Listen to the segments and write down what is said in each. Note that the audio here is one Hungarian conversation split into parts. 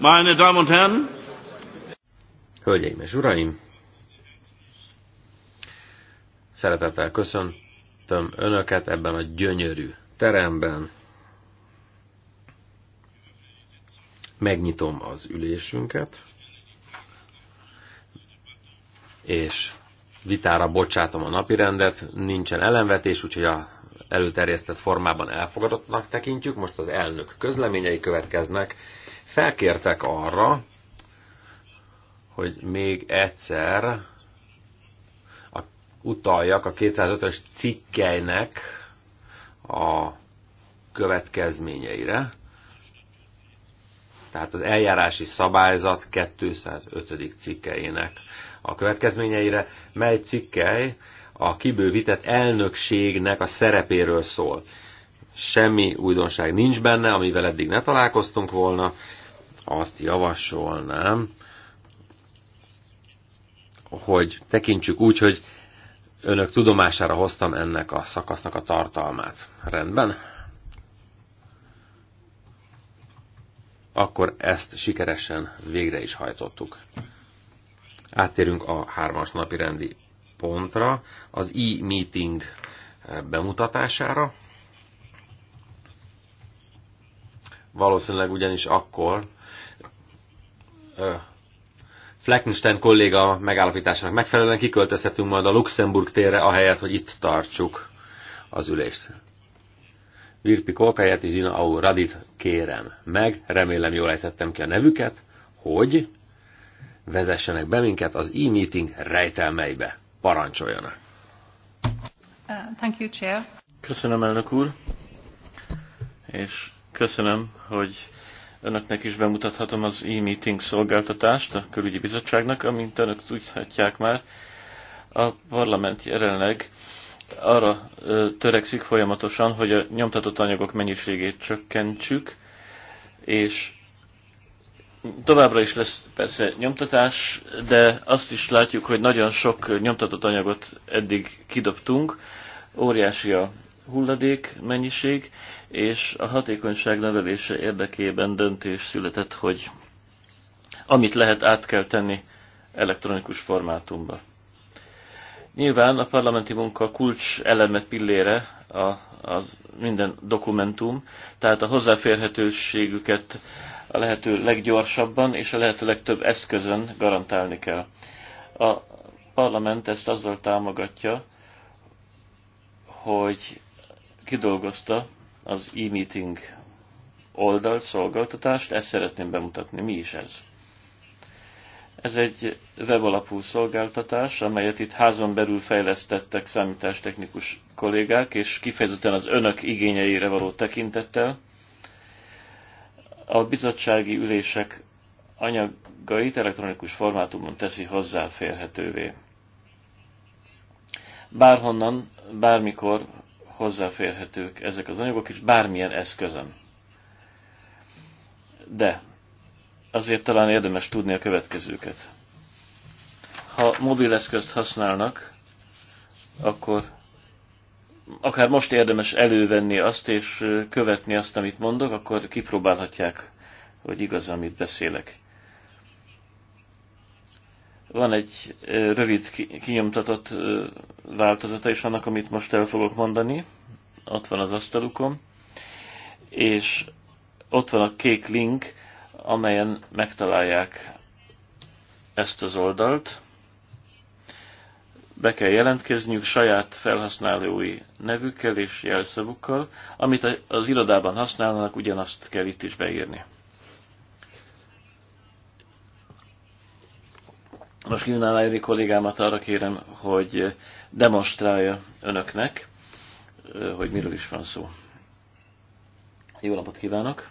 Meine Damen und Herren! Hölgyeim és Uraim! Szeretettel köszöntöm Önöket ebben a gyönyörű teremben. Megnyitom az ülésünket, és vitára bocsátom a napirendet. Nincsen ellenvetés, úgyhogy a előterjesztett formában elfogadottnak tekintjük. Most az elnök közleményei következnek felkértek arra, hogy még egyszer a, utaljak a 205-ös cikkeinek a következményeire. Tehát az eljárási szabályzat 205. cikkeinek a következményeire, mely cikkely a kibővített elnökségnek a szerepéről szól. Semmi újdonság nincs benne, amivel eddig ne találkoztunk volna, azt javasolnám, hogy tekintsük úgy, hogy önök tudomására hoztam ennek a szakasznak a tartalmát. Rendben? Akkor ezt sikeresen végre is hajtottuk. Áttérünk a hármas napi rendi pontra, az e-meeting bemutatására. Valószínűleg ugyanis akkor Fleckenstein kolléga megállapításának megfelelően kiköltözhetünk majd a Luxemburg térre, ahelyett, hogy itt tartsuk az ülést. Virpi Kolkáját és Zina Au Radit kérem meg, remélem jól ejtettem ki a nevüket, hogy vezessenek be minket az e-meeting rejtelmeibe. Parancsoljanak! Uh, thank you, Chair. Köszönöm, elnök úr, és köszönöm, hogy önöknek is bemutathatom az e-meeting szolgáltatást a külügyi bizottságnak, amint önök tudhatják már, a parlament jelenleg arra törekszik folyamatosan, hogy a nyomtatott anyagok mennyiségét csökkentsük, és továbbra is lesz persze nyomtatás, de azt is látjuk, hogy nagyon sok nyomtatott anyagot eddig kidobtunk, óriási a hulladék mennyiség, és a hatékonyság növelése érdekében döntés született, hogy amit lehet át kell tenni elektronikus formátumba. Nyilván a parlamenti munka kulcs eleme pillére a, az minden dokumentum, tehát a hozzáférhetőségüket a lehető leggyorsabban és a lehető legtöbb eszközön garantálni kell. A parlament ezt azzal támogatja, hogy kidolgozta az e-meeting oldalt, szolgáltatást, ezt szeretném bemutatni. Mi is ez? Ez egy webalapú szolgáltatás, amelyet itt házon belül fejlesztettek számítástechnikus kollégák, és kifejezetten az önök igényeire való tekintettel. A bizottsági ülések anyagait elektronikus formátumon teszi hozzáférhetővé. Bárhonnan, bármikor hozzáférhetők ezek az anyagok, is bármilyen eszközön. De azért talán érdemes tudni a következőket. Ha mobileszközt használnak, akkor akár most érdemes elővenni azt, és követni azt, amit mondok, akkor kipróbálhatják, hogy igaz, amit beszélek. Van egy rövid kinyomtatott változata is annak, amit most el fogok mondani. Ott van az asztalukon. És ott van a kék link, amelyen megtalálják ezt az oldalt. Be kell jelentkezniük saját felhasználói nevükkel és jelszavukkal, amit az irodában használnak, ugyanazt kell itt is beírni. Most Livnán Ájri kollégámat arra kérem, hogy demonstrálja önöknek, hogy miről is van szó. Jó napot kívánok!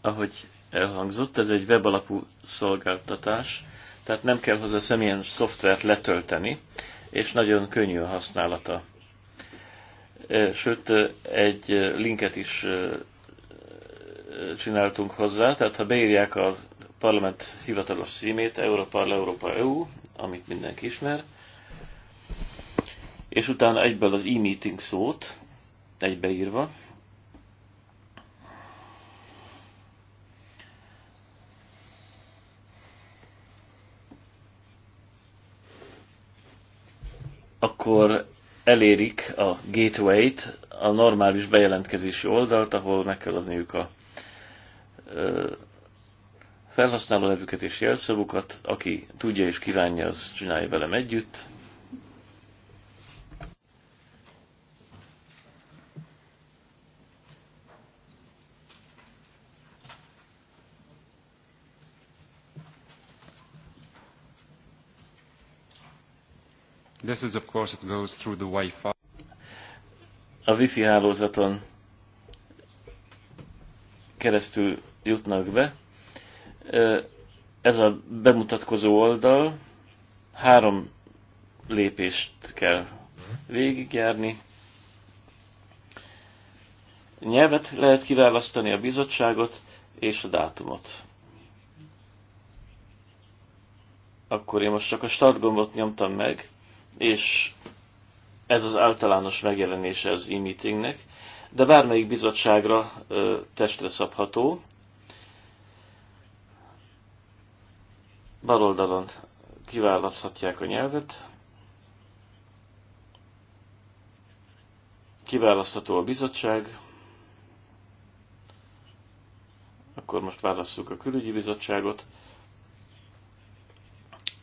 Ahogy elhangzott, ez egy webalapú szolgáltatás, tehát nem kell hozzá semmilyen szoftvert letölteni, és nagyon könnyű a használata. Sőt, egy linket is csináltunk hozzá, tehát ha beírják az parlament hivatalos címét, Európa, Európa EU, amit mindenki ismer, és utána egyből az e-meeting szót, egybeírva, akkor elérik a gateway-t, a normális bejelentkezési oldalt, ahol meg kell adniuk a felhasználó nevüket és jelszavukat, aki tudja és kívánja, az csinálja velem együtt. This is of course it goes through the Wi-Fi. A Wi-Fi hálózaton keresztül jutnak be ez a bemutatkozó oldal három lépést kell végigjárni. Nyelvet lehet kiválasztani, a bizottságot és a dátumot. Akkor én most csak a start gombot nyomtam meg, és ez az általános megjelenése az e-meetingnek, de bármelyik bizottságra ö, testre szabható, bal oldalon kiválaszthatják a nyelvet, kiválasztható a bizottság, akkor most válasszuk a külügyi bizottságot,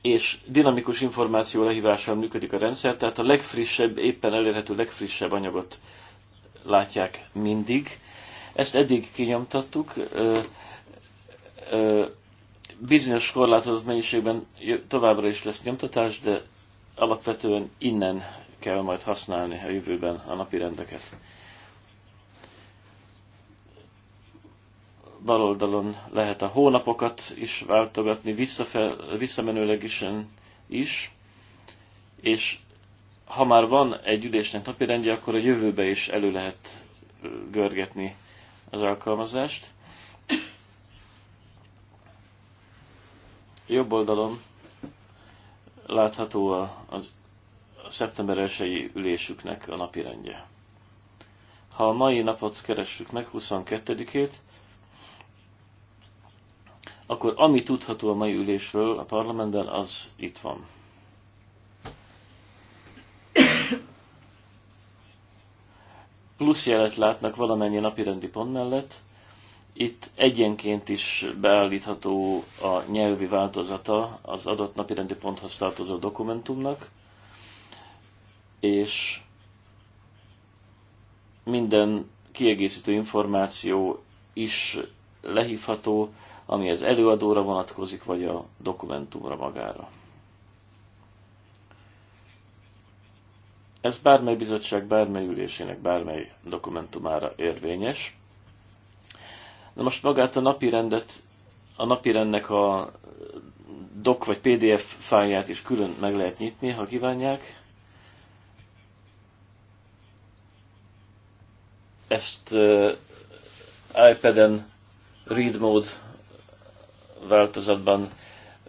és dinamikus információ lehívással működik a rendszer, tehát a legfrissebb, éppen elérhető legfrissebb anyagot látják mindig. Ezt eddig kinyomtattuk, ö, ö, Bizonyos korlátozott mennyiségben továbbra is lesz nyomtatás, de alapvetően innen kell majd használni a jövőben a napi rendeket. Bal oldalon lehet a hónapokat is váltogatni, visszafel, visszamenőlegesen is, és ha már van egy ülésnek napi rendje, akkor a jövőbe is elő lehet görgetni az alkalmazást. jobb oldalon látható a, a szeptember 1 ülésüknek a napirendje. Ha a mai napot keressük meg, 22-ét, akkor ami tudható a mai ülésről a parlamentben, az itt van. Plusz jelet látnak valamennyi napirendi pont mellett, itt egyenként is beállítható a nyelvi változata az adott napirendi ponthoz tartozó dokumentumnak, és minden kiegészítő információ is lehívható, ami az előadóra vonatkozik, vagy a dokumentumra magára. Ez bármely bizottság, bármely ülésének, bármely dokumentumára érvényes. Na most magát a napirendet, a napirendnek a doc vagy pdf fájlját is külön meg lehet nyitni, ha kívánják. Ezt uh, iPad-en read mode változatban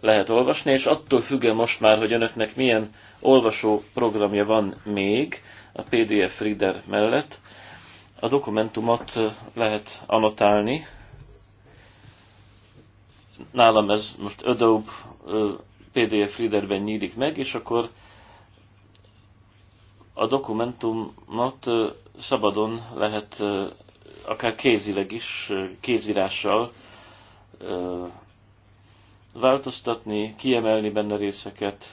lehet olvasni, és attól függően most már, hogy önöknek milyen olvasó programja van még a PDF reader mellett, a dokumentumot lehet anotálni. Nálam ez most Adobe PDF readerben nyílik meg, és akkor a dokumentumot szabadon lehet akár kézileg is, kézírással változtatni, kiemelni benne részeket.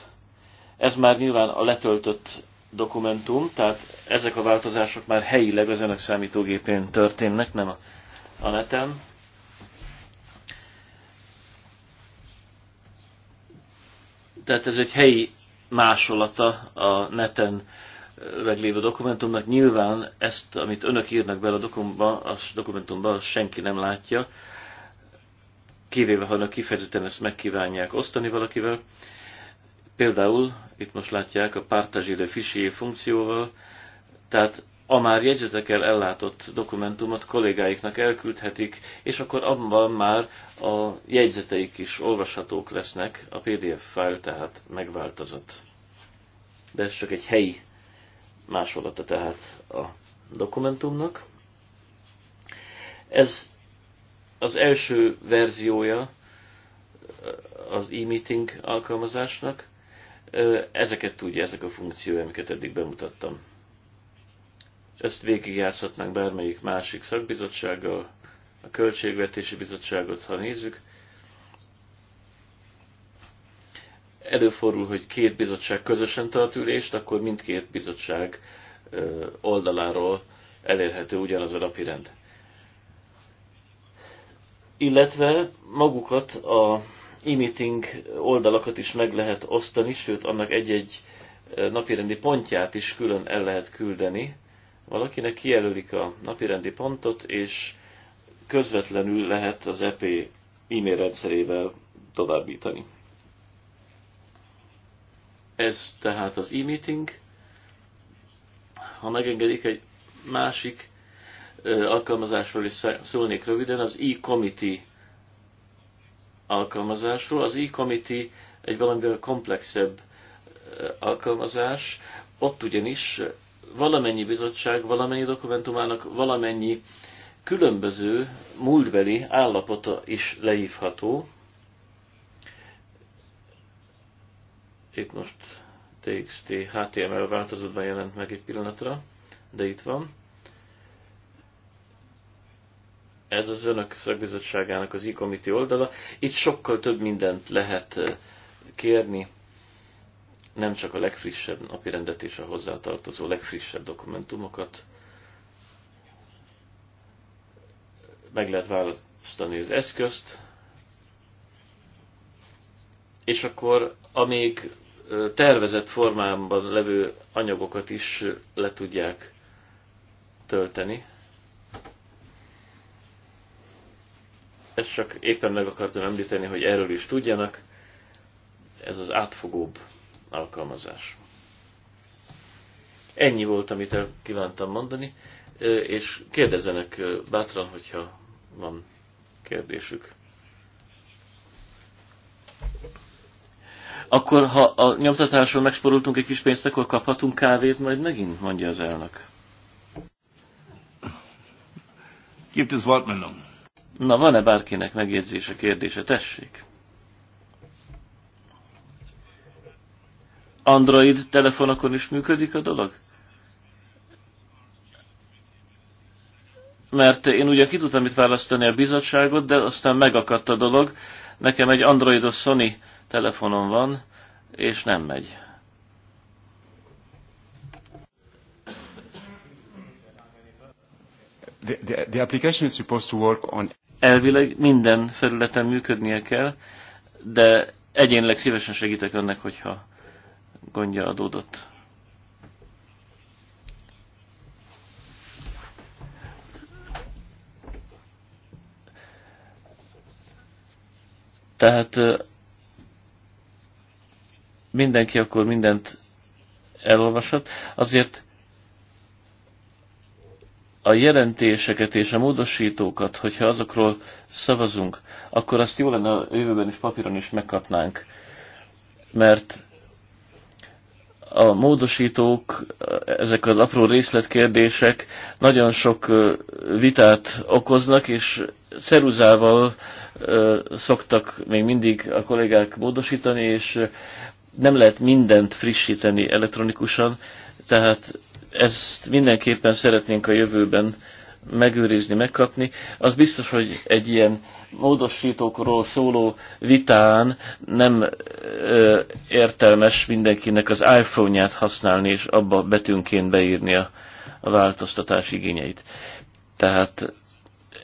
Ez már nyilván a letöltött dokumentum, tehát ezek a változások már helyileg az önök számítógépén történnek, nem a, neten. Tehát ez egy helyi másolata a neten meglévő dokumentumnak. Nyilván ezt, amit önök írnak bele a dokumba, az dokumentumba, az senki nem látja, kivéve ha önök kifejezetten ezt megkívánják osztani valakivel. Például itt most látják a pártazsidő fisié funkcióval, tehát a már jegyzetekkel ellátott dokumentumot kollégáiknak elküldhetik, és akkor abban már a jegyzeteik is olvashatók lesznek, a PDF fájl tehát megváltozott. De ez csak egy helyi másolata tehát a dokumentumnak. Ez az első verziója az e-meeting alkalmazásnak, Ezeket tudja, ezek a funkciói, amiket eddig bemutattam. Ezt végigjátszhatnánk bármelyik másik szakbizottsággal, a Költségvetési Bizottságot, ha nézzük. Előfordul, hogy két bizottság közösen tart ülést, akkor mindkét bizottság oldaláról elérhető ugyanaz a napirend. Illetve magukat a e-meeting oldalakat is meg lehet osztani, sőt annak egy-egy eh, napirendi pontját is külön el lehet küldeni. Valakinek kijelölik a napirendi pontot, és közvetlenül lehet az EP e-mail rendszerével továbbítani. Ez tehát az e-meeting. Ha megengedik, egy másik eh, alkalmazásról is szólnék röviden, az e-committee alkalmazásról. Az e-committee egy valamivel komplexebb alkalmazás. Ott ugyanis valamennyi bizottság, valamennyi dokumentumának valamennyi különböző múltbeli állapota is leívható. Itt most TXT HTML változatban jelent meg egy pillanatra, de itt van ez az önök szakbizottságának az e-committee oldala. Itt sokkal több mindent lehet eh, kérni, nem csak a legfrissebb rendet és a hozzátartozó legfrissebb dokumentumokat. Meg lehet választani az eszközt, és akkor amíg eh, tervezett formában levő anyagokat is eh, le tudják tölteni. Ezt csak éppen meg akartam említeni, hogy erről is tudjanak. Ez az átfogóbb alkalmazás. Ennyi volt, amit el kívántam mondani, és kérdezzenek bátran, hogyha van kérdésük. Akkor, ha a nyomtatáson megsporultunk egy kis pénzt, akkor kaphatunk kávét majd megint, mondja az elnök. Gibt es Wortmeldungen? Na, van-e bárkinek megjegyzése, kérdése? Tessék! Android telefonokon is működik a dolog? Mert én ugye ki tudtam itt választani a bizottságot, de aztán megakadt a dolog. Nekem egy androidos Sony telefonom van, és nem megy. The, the, the application is supposed to work on elvileg minden felületen működnie kell, de egyénileg szívesen segítek önnek, hogyha gondja adódott. Tehát mindenki akkor mindent elolvashat. Azért a jelentéseket és a módosítókat, hogyha azokról szavazunk, akkor azt jó lenne a jövőben is papíron is megkapnánk. Mert a módosítók, ezek az apró részletkérdések nagyon sok vitát okoznak, és ceruzával szoktak még mindig a kollégák módosítani, és nem lehet mindent frissíteni elektronikusan, tehát ezt mindenképpen szeretnénk a jövőben megőrizni, megkapni. Az biztos, hogy egy ilyen módosítókról szóló vitán nem ö, értelmes mindenkinek az iPhone-ját használni, és abba betűnként beírni a, a változtatás igényeit. Tehát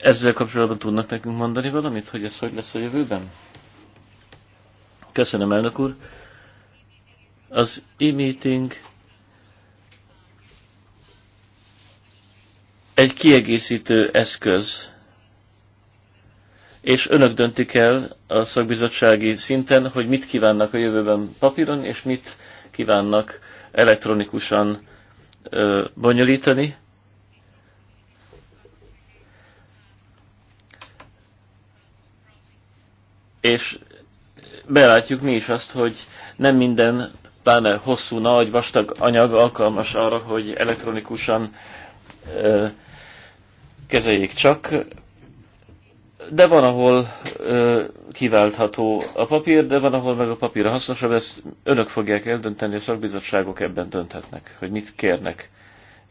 ezzel kapcsolatban tudnak nekünk mondani valamit, hogy ez hogy lesz a jövőben? Köszönöm, elnök úr. Az e-meeting egy kiegészítő eszköz, és önök döntik el a szakbizottsági szinten, hogy mit kívánnak a jövőben papíron, és mit kívánnak elektronikusan ö, bonyolítani. És belátjuk mi is azt, hogy nem minden, pláne hosszú, nagy, vastag anyag alkalmas arra, hogy elektronikusan ö, kezeljék csak, de van, ahol ö, kiváltható a papír, de van, ahol meg a papír a hasznosabb, ezt önök fogják eldönteni, a szakbizottságok ebben dönthetnek, hogy mit kérnek,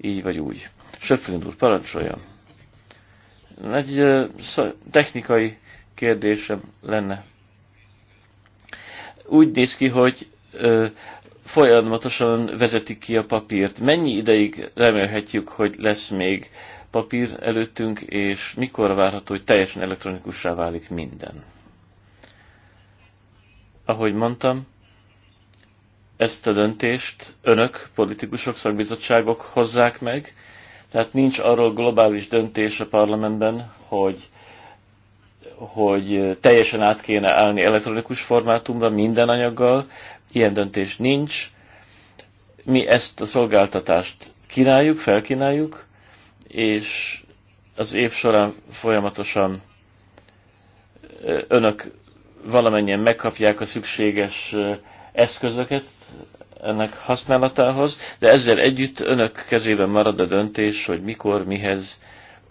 így vagy úgy. Söpflind úr, parancsoljon! Egy ö, technikai kérdésem lenne. Úgy néz ki, hogy ö, folyamatosan vezetik ki a papírt. Mennyi ideig remélhetjük, hogy lesz még papír előttünk, és mikor várható, hogy teljesen elektronikussá válik minden. Ahogy mondtam, ezt a döntést önök, politikusok, szakbizottságok hozzák meg, tehát nincs arról globális döntés a parlamentben, hogy, hogy teljesen át kéne állni elektronikus formátumra minden anyaggal, ilyen döntés nincs. Mi ezt a szolgáltatást kínáljuk, felkínáljuk, és az év során folyamatosan önök valamennyien megkapják a szükséges eszközöket ennek használatához, de ezzel együtt önök kezében marad a döntés, hogy mikor, mihez,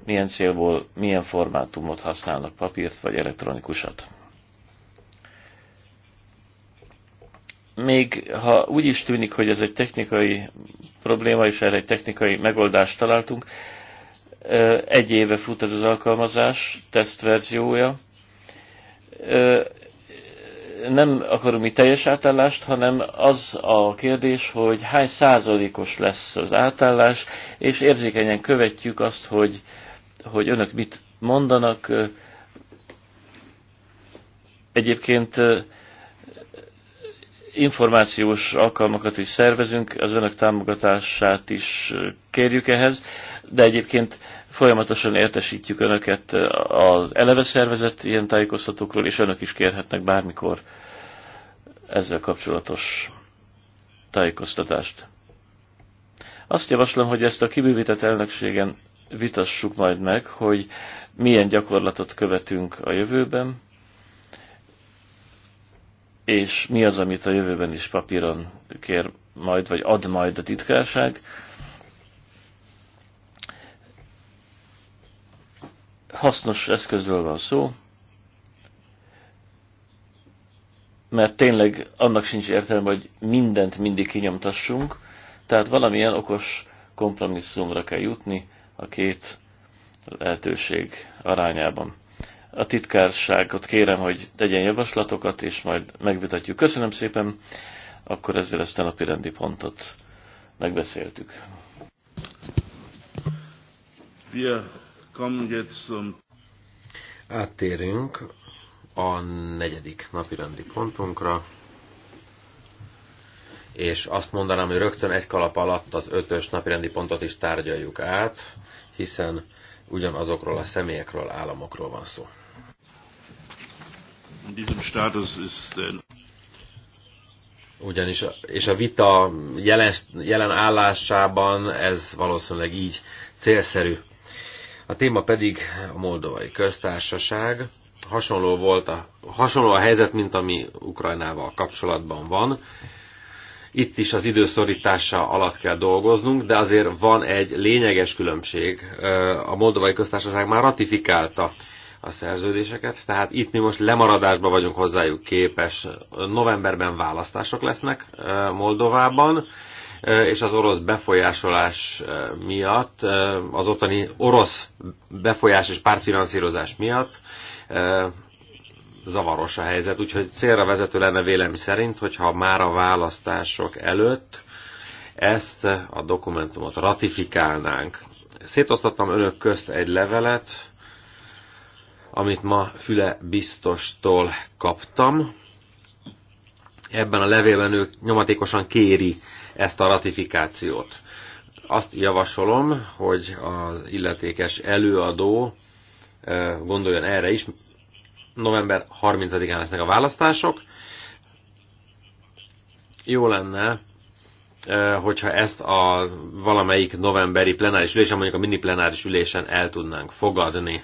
milyen célból, milyen formátumot használnak, papírt vagy elektronikusat. Még ha úgy is tűnik, hogy ez egy technikai probléma, és erre egy technikai megoldást találtunk, egy éve fut ez az alkalmazás, tesztverziója. Nem akarom itt teljes átállást, hanem az a kérdés, hogy hány százalékos lesz az átállás, és érzékenyen követjük azt, hogy, hogy önök mit mondanak. Egyébként információs alkalmakat is szervezünk, az önök támogatását is kérjük ehhez, de egyébként folyamatosan értesítjük önöket az eleve szervezett ilyen tájékoztatókról, és önök is kérhetnek bármikor ezzel kapcsolatos tájékoztatást. Azt javaslom, hogy ezt a kibővített elnökségen vitassuk majd meg, hogy milyen gyakorlatot követünk a jövőben, és mi az, amit a jövőben is papíron kér majd, vagy ad majd a titkárság. Hasznos eszközről van szó, mert tényleg annak sincs értelme, hogy mindent mindig kinyomtassunk, tehát valamilyen okos kompromisszumra kell jutni a két lehetőség arányában. A titkárságot kérem, hogy tegyen javaslatokat, és majd megvitatjuk. Köszönöm szépen, akkor ezzel ezt a napi rendi pontot megbeszéltük. Áttérünk a negyedik napirendi pontunkra, és azt mondanám, hogy rögtön egy kalap alatt az ötös napirendi pontot is tárgyaljuk át, hiszen ugyanazokról a személyekről, államokról van szó. Äh, Ugyanis, és a vita jelen, jelen állásában ez valószínűleg így célszerű. A téma pedig a Moldovai Köztársaság. Hasonló, volt a, hasonló a helyzet, mint ami Ukrajnával kapcsolatban van. Itt is az időszorítása alatt kell dolgoznunk, de azért van egy lényeges különbség. A Moldovai Köztársaság már ratifikálta a szerződéseket, tehát itt mi most lemaradásban vagyunk hozzájuk képes. Novemberben választások lesznek Moldovában, és az orosz befolyásolás miatt, az ottani orosz befolyás és pártfinanszírozás miatt zavaros a helyzet, úgyhogy célra vezető lenne vélemi szerint, hogyha már a választások előtt ezt a dokumentumot ratifikálnánk. szétosztottam önök közt egy levelet, amit ma Füle biztostól kaptam. Ebben a levélben ő nyomatékosan kéri ezt a ratifikációt. Azt javasolom, hogy az illetékes előadó gondoljon erre is. November 30-án lesznek a választások. Jó lenne, hogyha ezt a valamelyik novemberi plenáris ülésen, mondjuk a mini plenáris ülésen el tudnánk fogadni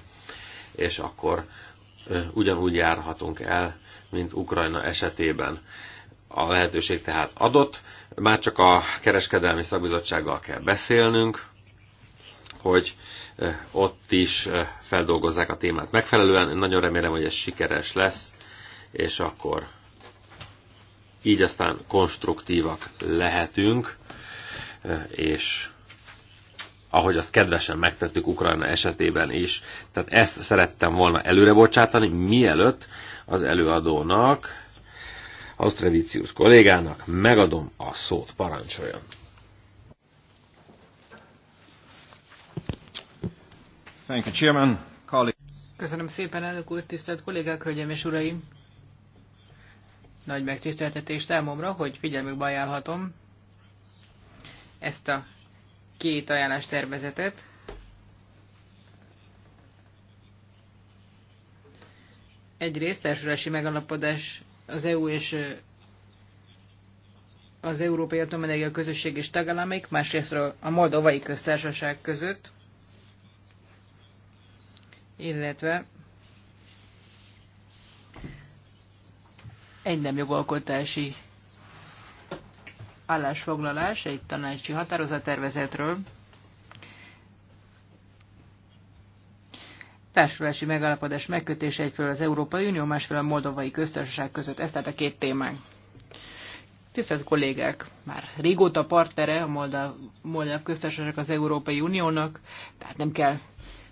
és akkor ugyanúgy járhatunk el, mint Ukrajna esetében. A lehetőség tehát adott, már csak a kereskedelmi szakbizottsággal kell beszélnünk, hogy ott is feldolgozzák a témát megfelelően. Én nagyon remélem, hogy ez sikeres lesz, és akkor így aztán konstruktívak lehetünk, és ahogy azt kedvesen megtettük Ukrajna esetében is. Tehát ezt szerettem volna előre bocsátani, mielőtt az előadónak, Ausztravicius kollégának megadom a szót, parancsoljon. Thank you, Chairman. Köszönöm szépen, elnök úr, tisztelt kollégák, hölgyeim és uraim! Nagy megtiszteltetés számomra, hogy figyelmükbe ajánlhatom ezt a két ajánlás tervezetet. Egyrészt társulási megalapodás az EU és az Európai Atomenergia Közösség és tagállamik, másrészt a Moldovai Köztársaság között, illetve egy nem jogalkotási állásfoglalás egy tanácsi határozattervezetről, társulási megállapodás megkötése egyfelől az Európai Unió, másfelől a Moldovai Köztársaság között. Ez tehát a két témánk. Tisztelt kollégák, már régóta partnere a Moldav, Moldav Köztársaság az Európai Uniónak, tehát nem kell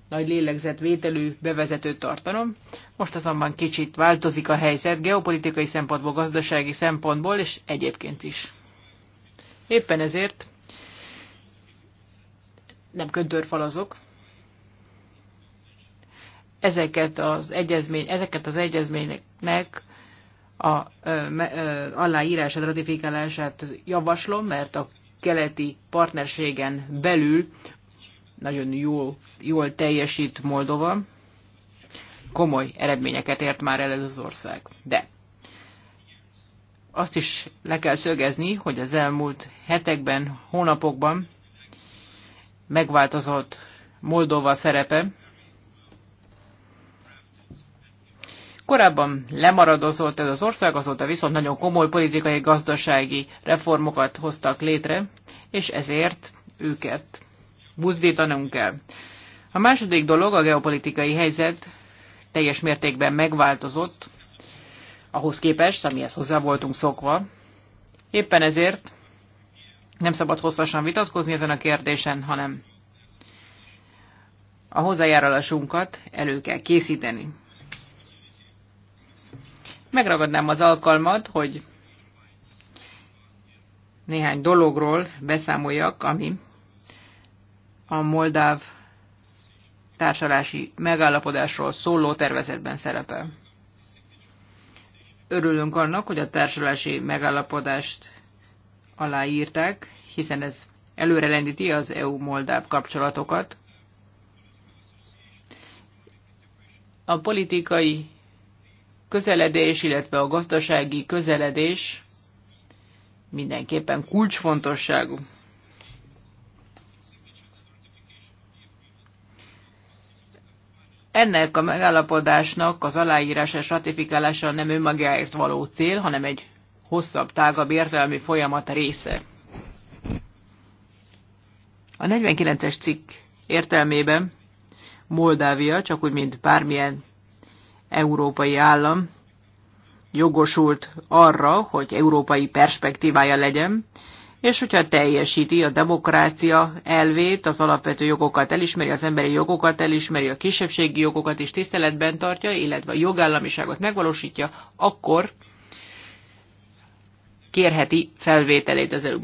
nagy lélegzetvételű bevezetőt tartanom. Most azonban kicsit változik a helyzet geopolitikai szempontból, gazdasági szempontból és egyébként is. Éppen ezért nem köntörfalazok. Ezeket az, egyezmény, ezeket az egyezményeknek a aláírását, ratifikálását javaslom, mert a keleti partnerségen belül nagyon jól, jól teljesít Moldova. Komoly eredményeket ért már el ez az ország. De azt is le kell szögezni, hogy az elmúlt hetekben, hónapokban megváltozott Moldova szerepe. Korábban lemaradozott ez az ország, azóta viszont nagyon komoly politikai, gazdasági reformokat hoztak létre, és ezért őket buzdítanunk kell. A második dolog a geopolitikai helyzet teljes mértékben megváltozott, ahhoz képest, amihez hozzá voltunk szokva. Éppen ezért nem szabad hosszasan vitatkozni ezen a kérdésen, hanem a hozzájárulásunkat elő kell készíteni. Megragadnám az alkalmat, hogy néhány dologról beszámoljak, ami a moldáv társalási megállapodásról szóló tervezetben szerepel. Örülünk annak, hogy a társulási megállapodást aláírták, hiszen ez előrelendíti az EU-Moldáv kapcsolatokat. A politikai közeledés, illetve a gazdasági közeledés mindenképpen kulcsfontosságú. Ennek a megállapodásnak az aláírása és ratifikálása nem önmagáért való cél, hanem egy hosszabb, tágabb értelmi folyamat része. A 49-es cikk értelmében Moldávia, csak úgy, mint bármilyen európai állam, jogosult arra, hogy európai perspektívája legyen, és hogyha teljesíti a demokrácia elvét, az alapvető jogokat elismeri, az emberi jogokat elismeri, a kisebbségi jogokat is tiszteletben tartja, illetve a jogállamiságot megvalósítja, akkor kérheti felvételét az eu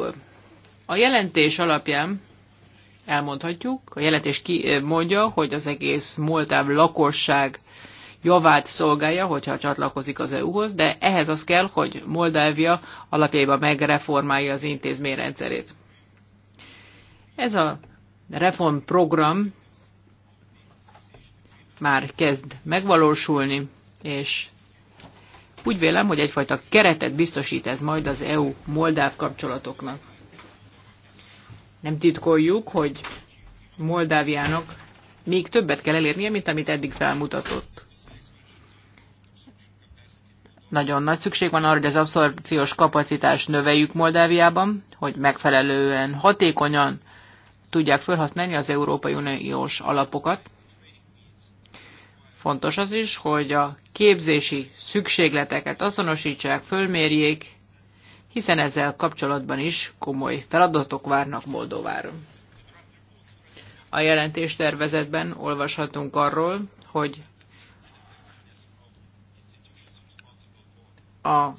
A jelentés alapján elmondhatjuk, a jelentés ki mondja, hogy az egész Moldáv lakosság javát szolgálja, hogyha csatlakozik az EU-hoz, de ehhez az kell, hogy Moldávia alapjában megreformálja az intézményrendszerét. Ez a reformprogram már kezd megvalósulni, és úgy vélem, hogy egyfajta keretet biztosít ez majd az EU-Moldáv kapcsolatoknak. Nem titkoljuk, hogy Moldáviának még többet kell elérnie, mint amit eddig felmutatott. Nagyon nagy szükség van arra, hogy az abszorpciós kapacitást növeljük Moldáviában, hogy megfelelően, hatékonyan tudják felhasználni az Európai Uniós alapokat. Fontos az is, hogy a képzési szükségleteket azonosítsák, fölmérjék, hiszen ezzel kapcsolatban is komoly feladatok várnak Moldovára. A jelentéstervezetben olvashatunk arról, hogy a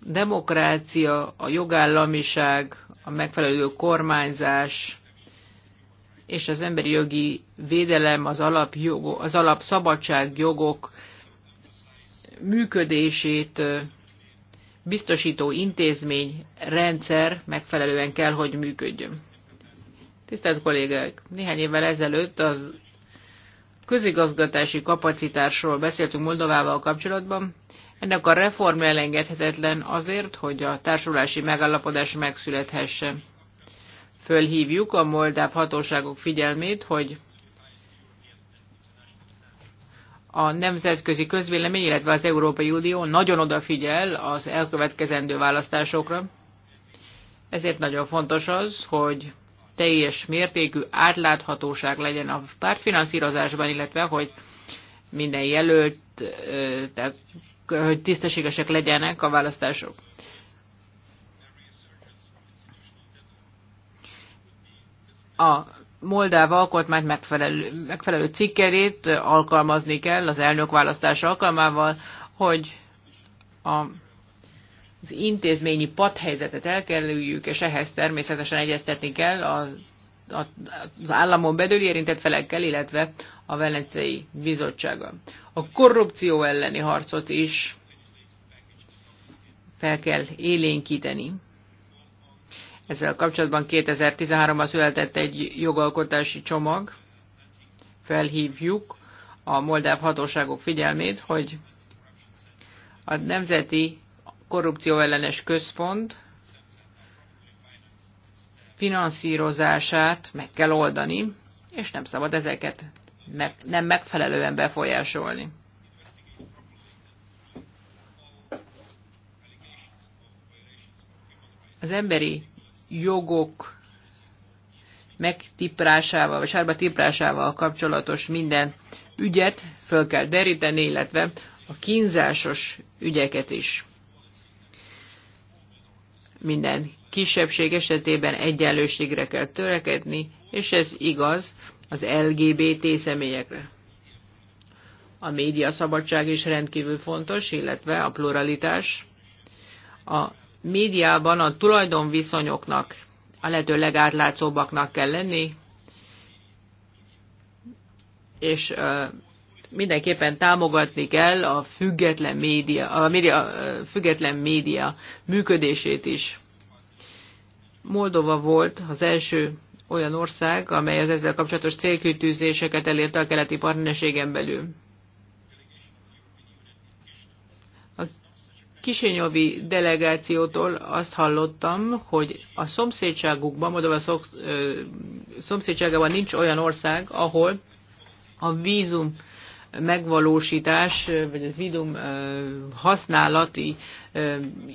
demokrácia, a jogállamiság, a megfelelő kormányzás és az emberi jogi védelem, az, jogo, az jogok működését biztosító intézmény, rendszer megfelelően kell, hogy működjön. Tisztelt kollégák, néhány évvel ezelőtt az közigazgatási kapacitásról beszéltünk Moldovával kapcsolatban. Ennek a reform elengedhetetlen azért, hogy a társulási megállapodás megszülethessen. Fölhívjuk a moldáv hatóságok figyelmét, hogy a nemzetközi közvélemény, illetve az Európai Unió nagyon odafigyel az elkövetkezendő választásokra. Ezért nagyon fontos az, hogy teljes mértékű átláthatóság legyen a pártfinanszírozásban, illetve hogy minden jelölt, tehát hogy tisztességesek legyenek a választások. A Moldáv alkotmányt megfelelő, megfelelő cikkerét alkalmazni kell az elnök választása alkalmával, hogy a az intézményi padhelyzetet elkerüljük, és ehhez természetesen egyeztetni kell a az államon belül érintett felekkel, illetve a Velencei Bizottsága. A korrupció elleni harcot is fel kell élénkíteni. Ezzel kapcsolatban 2013-ban született egy jogalkotási csomag. Felhívjuk a moldáv hatóságok figyelmét, hogy a Nemzeti Korrupcióellenes Központ finanszírozását meg kell oldani, és nem szabad ezeket meg, nem megfelelően befolyásolni. Az emberi jogok megtiprásával, vagy sárba tiprásával kapcsolatos minden ügyet föl kell deríteni, illetve a kínzásos ügyeket is minden kisebbség esetében egyenlőségre kell törekedni, és ez igaz az LGBT személyekre. A média szabadság is rendkívül fontos, illetve a pluralitás. A médiában a tulajdonviszonyoknak a lehető legátlátszóbbaknak kell lenni, és mindenképpen támogatni kell a független média, a média, a független média működését is. Moldova volt az első olyan ország, amely az ezzel kapcsolatos célkütőzéseket elérte a keleti partnerségen belül. A kisényovi delegációtól azt hallottam, hogy a szomszédságukban, Moldova szomszédságában nincs olyan ország, ahol a vízum megvalósítás, vagy az vidum használati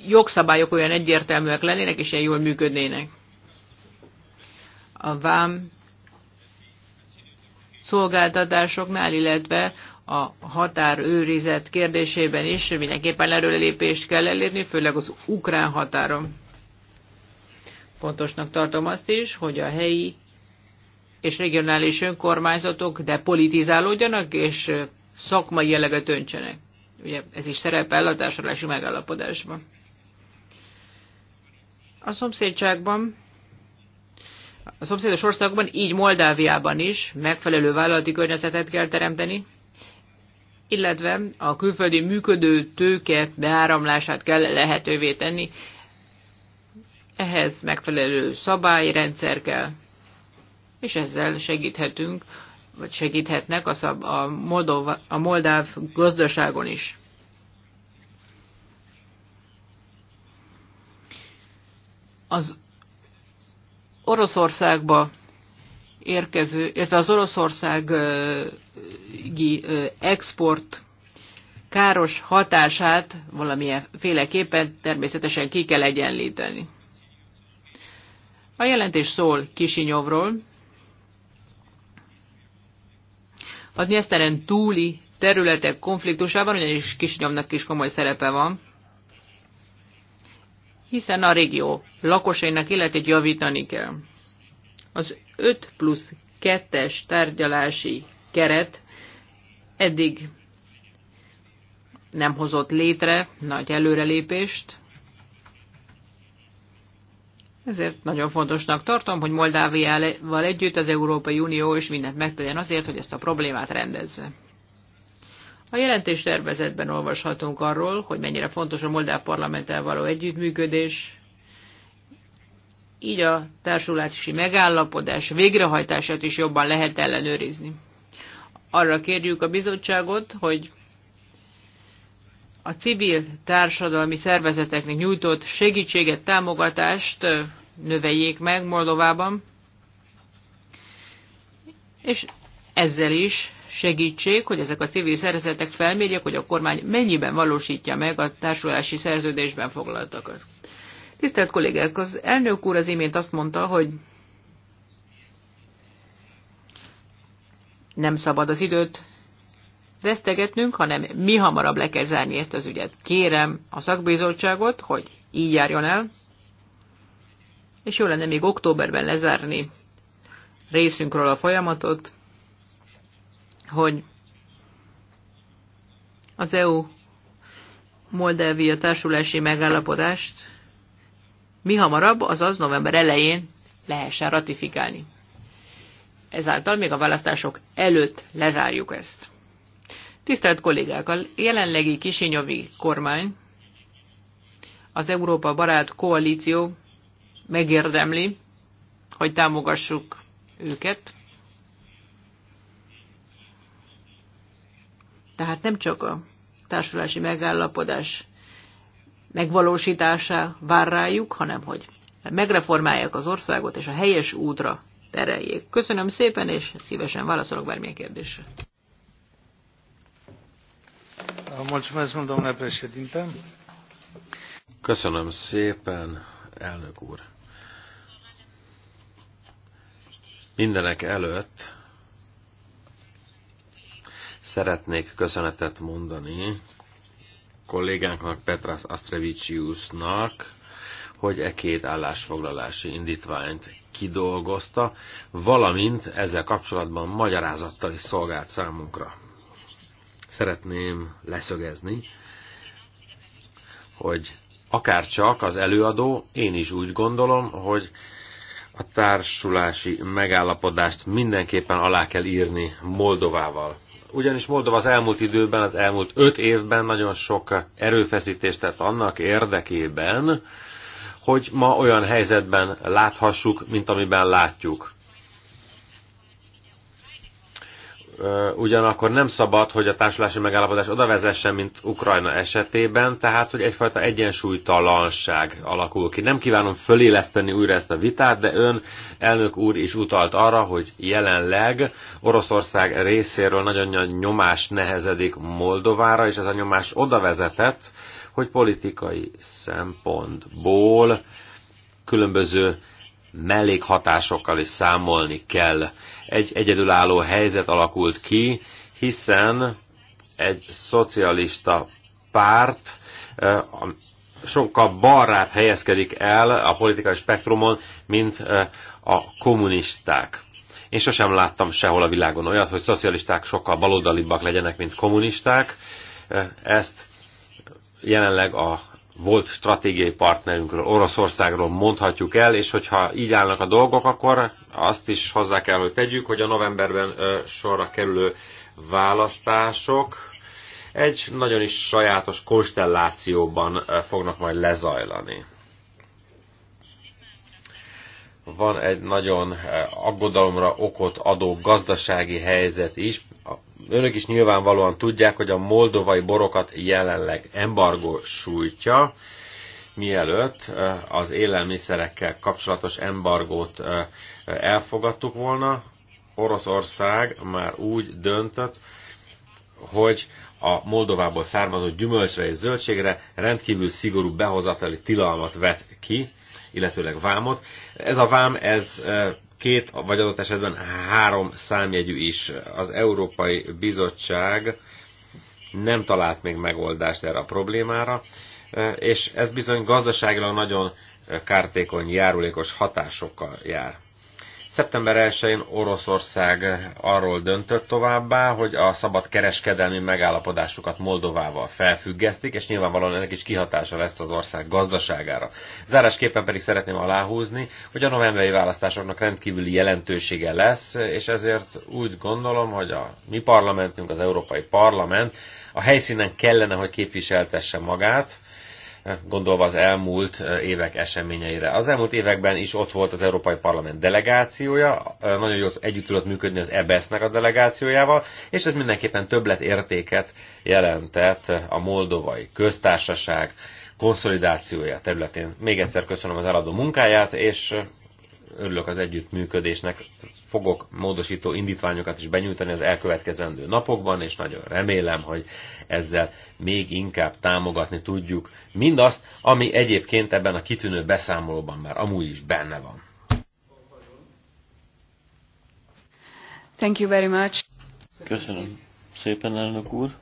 jogszabályok olyan egyértelműek lennének, és ilyen jól működnének. A vám szolgáltatásoknál, illetve a határőrizet kérdésében is mindenképpen erőlépést kell elérni, főleg az ukrán határon. Pontosnak tartom azt is, hogy a helyi és regionális önkormányzatok depolitizálódjanak, és szakmai jelleget öntsenek. Ugye ez is szerepel a társadalási megállapodásban. A szomszédságban, a szomszédos országokban, így Moldáviában is megfelelő vállalati környezetet kell teremteni, illetve a külföldi működő tőke beáramlását kell lehetővé tenni. Ehhez megfelelő szabályrendszer kell, és ezzel segíthetünk, vagy segíthetnek a, szab, a, Moldova, a moldáv gazdaságon is. Az Oroszországba érkező, illetve az oroszországi export káros hatását valamilyen féleképpen természetesen ki kell egyenlíteni. A jelentés szól Kisinyovról, A Dniesteren túli területek konfliktusában ugyanis Kisinyomnak is komoly szerepe van, hiszen a régió lakosainak életét javítani kell. Az 5 plusz 2-es tárgyalási keret eddig nem hozott létre nagy előrelépést, ezért nagyon fontosnak tartom, hogy Moldáviával együtt az Európai Unió is mindent megtegyen azért, hogy ezt a problémát rendezze. A jelentés tervezetben olvashatunk arról, hogy mennyire fontos a Moldáv parlamenttel való együttműködés, így a társulási megállapodás végrehajtását is jobban lehet ellenőrizni. Arra kérjük a bizottságot, hogy a civil társadalmi szervezeteknek nyújtott segítséget, támogatást növeljék meg Moldovában, és ezzel is segítsék, hogy ezek a civil szervezetek felmérjék, hogy a kormány mennyiben valósítja meg a társulási szerződésben foglaltakat. Tisztelt kollégák, az elnök úr az imént azt mondta, hogy nem szabad az időt vesztegetnünk, hanem mi hamarabb le kell zárni ezt az ügyet. Kérem a szakbizottságot, hogy így járjon el és jó lenne még októberben lezárni részünkről a folyamatot, hogy az EU Moldávia társulási megállapodást mi hamarabb, azaz november elején lehessen ratifikálni. Ezáltal még a választások előtt lezárjuk ezt. Tisztelt kollégák, a jelenlegi kisinyovi kormány, az Európa Barát Koalíció megérdemli, hogy támogassuk őket. Tehát nem csak a társulási megállapodás megvalósítása vár rájuk, hanem hogy megreformálják az országot és a helyes útra tereljék. Köszönöm szépen, és szívesen válaszolok bármilyen kérdésre. Köszönöm szépen, elnök úr. Mindenek előtt szeretnék köszönetet mondani kollégánknak, Petras Astreviciusnak, hogy e két állásfoglalási indítványt kidolgozta, valamint ezzel kapcsolatban magyarázattal is szolgált számunkra. Szeretném leszögezni, hogy akár csak az előadó, én is úgy gondolom, hogy a társulási megállapodást mindenképpen alá kell írni Moldovával. Ugyanis Moldova az elmúlt időben, az elmúlt öt évben nagyon sok erőfeszítést tett annak érdekében, hogy ma olyan helyzetben láthassuk, mint amiben látjuk. ugyanakkor nem szabad, hogy a társulási megállapodás oda vezessen, mint Ukrajna esetében, tehát hogy egyfajta egyensúlytalanság alakul ki. Nem kívánom föléleszteni újra ezt a vitát, de ön, elnök úr is utalt arra, hogy jelenleg Oroszország részéről nagyon nagy nyomás nehezedik Moldovára, és ez a nyomás oda vezetett, hogy politikai szempontból különböző mellékhatásokkal is számolni kell egy egyedülálló helyzet alakult ki, hiszen egy szocialista párt sokkal barrább helyezkedik el a politikai spektrumon, mint a kommunisták. Én sosem láttam sehol a világon olyat, hogy szocialisták sokkal baloldalibbak legyenek, mint kommunisták. Ezt jelenleg a volt stratégiai partnerünkről, Oroszországról mondhatjuk el, és hogyha így állnak a dolgok, akkor azt is hozzá kell, hogy tegyük, hogy a novemberben sorra kerülő választások egy nagyon is sajátos konstellációban fognak majd lezajlani van egy nagyon eh, aggodalomra okot adó gazdasági helyzet is. Önök is nyilvánvalóan tudják, hogy a moldovai borokat jelenleg embargó sújtja, mielőtt eh, az élelmiszerekkel kapcsolatos embargót eh, elfogadtuk volna. Oroszország már úgy döntött, hogy a Moldovából származó gyümölcsre és zöldségre rendkívül szigorú behozatali tilalmat vet ki, illetőleg vámot. Ez a vám, ez két, vagy adott esetben három számjegyű is. Az Európai Bizottság nem talált még megoldást erre a problémára, és ez bizony gazdaságilag nagyon kártékony, járulékos hatásokkal jár. Szeptember 1-én Oroszország arról döntött továbbá, hogy a szabad kereskedelmi megállapodásukat Moldovával felfüggesztik, és nyilvánvalóan ennek is kihatása lesz az ország gazdaságára. Zárásképpen pedig szeretném aláhúzni, hogy a novemberi választásoknak rendkívüli jelentősége lesz, és ezért úgy gondolom, hogy a mi parlamentünk, az Európai Parlament a helyszínen kellene, hogy képviseltesse magát, gondolva az elmúlt évek eseményeire. Az elmúlt években is ott volt az Európai Parlament delegációja, nagyon jól együtt tudott működni az EBS-nek e a delegációjával, és ez mindenképpen értéket jelentett a moldovai köztársaság konszolidációja területén. Még egyszer köszönöm az eladó munkáját, és örülök az együttműködésnek, fogok módosító indítványokat is benyújtani az elkövetkezendő napokban, és nagyon remélem, hogy ezzel még inkább támogatni tudjuk mindazt, ami egyébként ebben a kitűnő beszámolóban már amúgy is benne van. Thank you very much. Köszönöm szépen, elnök úr,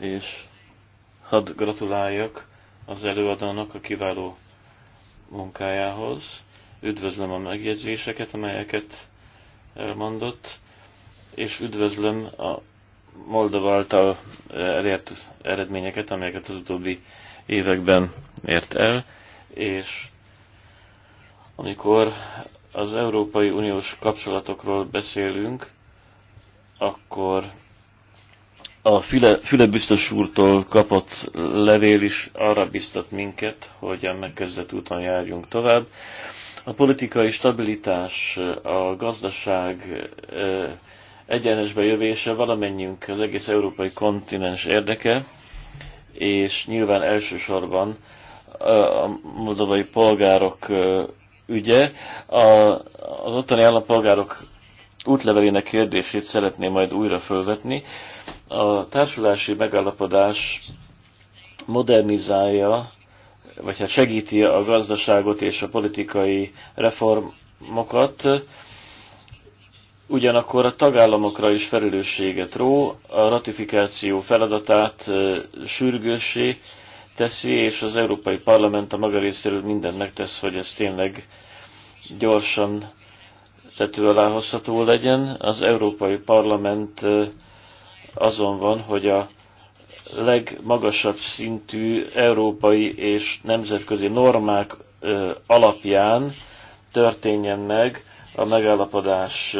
és hadd gratuláljak az előadónak a kiváló munkájához. Üdvözlöm a megjegyzéseket, amelyeket elmondott, és üdvözlöm a Moldova által elért eredményeket, amelyeket az utóbbi években ért el, és amikor az Európai Uniós kapcsolatokról beszélünk, akkor a Füle, Füle biztos úrtól kapott levél is arra biztat minket, hogy a megkezdett úton járjunk tovább. A politikai stabilitás, a gazdaság egyenesbe jövése valamennyünk az egész európai kontinens érdeke, és nyilván elsősorban a moldovai polgárok ügye. az ottani állampolgárok útlevelének kérdését szeretném majd újra fölvetni. A társulási megállapodás modernizálja vagy hát segíti a gazdaságot és a politikai reformokat, ugyanakkor a tagállamokra is felelősséget ró, a ratifikáció feladatát sürgősé teszi, és az Európai Parlament a maga részéről mindent megtesz, hogy ez tényleg gyorsan tető alá hozható legyen. Az Európai Parlament azon van, hogy a legmagasabb szintű európai és nemzetközi normák alapján történjen meg a megállapodás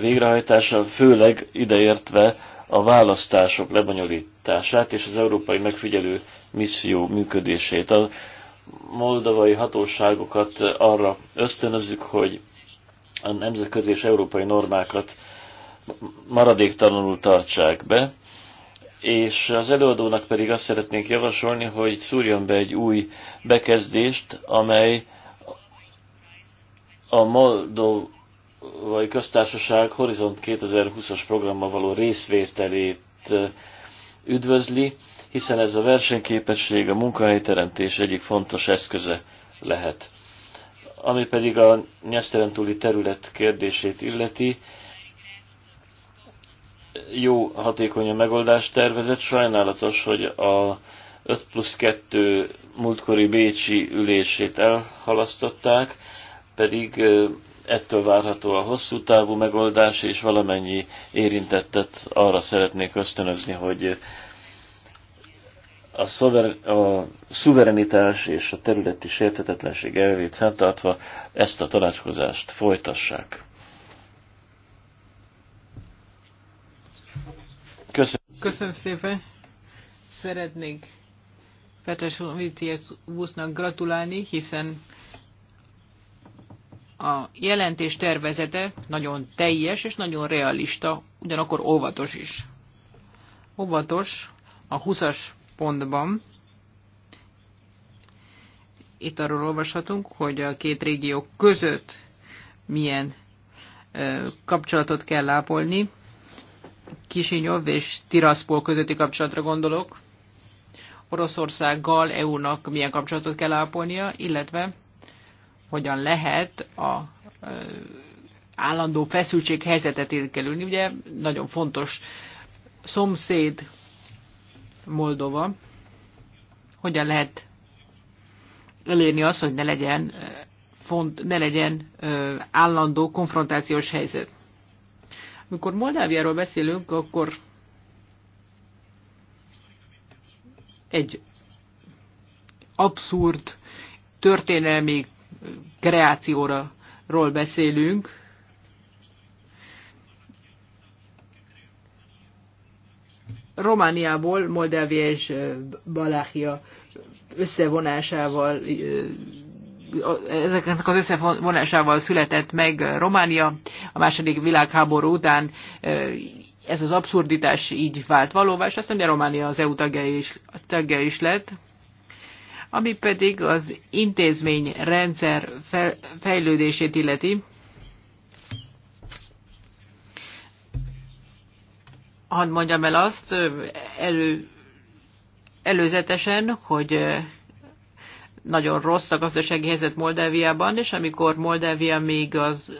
végrehajtása, főleg ideértve a választások lebonyolítását és az európai megfigyelő misszió működését. A moldovai hatóságokat arra ösztönözzük, hogy a nemzetközi és európai normákat maradéktalanul tartsák be, és az előadónak pedig azt szeretnénk javasolni, hogy szúrjon be egy új bekezdést, amely a Moldovai Köztársaság Horizont 2020-as programmal való részvételét üdvözli, hiszen ez a versenyképesség, a munkahelyteremtés egyik fontos eszköze lehet. Ami pedig a nyesztelen túli terület kérdését illeti, jó, hatékony a megoldás tervezett. Sajnálatos, hogy a 5 plusz 2 múltkori Bécsi ülését elhalasztották, pedig ettől várható a hosszú távú megoldás, és valamennyi érintettet arra szeretnék ösztönözni, hogy a, szover, a szuverenitás és a területi sértetetlenség elvét fenntartva ezt a tanácskozást folytassák. Köszönöm szépen. Szeretnék Petes Vitiec busznak gratulálni, hiszen a jelentés tervezete nagyon teljes és nagyon realista, ugyanakkor óvatos is. Óvatos a 20-as pontban. Itt arról olvashatunk, hogy a két régió között milyen kapcsolatot kell ápolni, Kisinyov és Tiraspol közötti kapcsolatra gondolok. Oroszországgal EU-nak milyen kapcsolatot kell ápolnia, illetve hogyan lehet a állandó feszültség helyzetet érkelülni. Ugye nagyon fontos szomszéd Moldova, hogyan lehet elérni azt, hogy ne legyen, font, ne legyen állandó konfrontációs helyzet. Mikor Moldáviáról beszélünk, akkor egy abszurd történelmi kreációra ról beszélünk. Romániából Moldávia és Baláhia összevonásával ezeknek az összevonásával született meg Románia a második világháború után ez az abszurditás így vált valóvá, és azt mondja, Románia az EU tagja is, tagja is lett, ami pedig az intézményrendszer fejlődését illeti. Hadd mondjam el azt elő, előzetesen, hogy nagyon rossz a gazdasági helyzet Moldáviában, és amikor Moldávia még az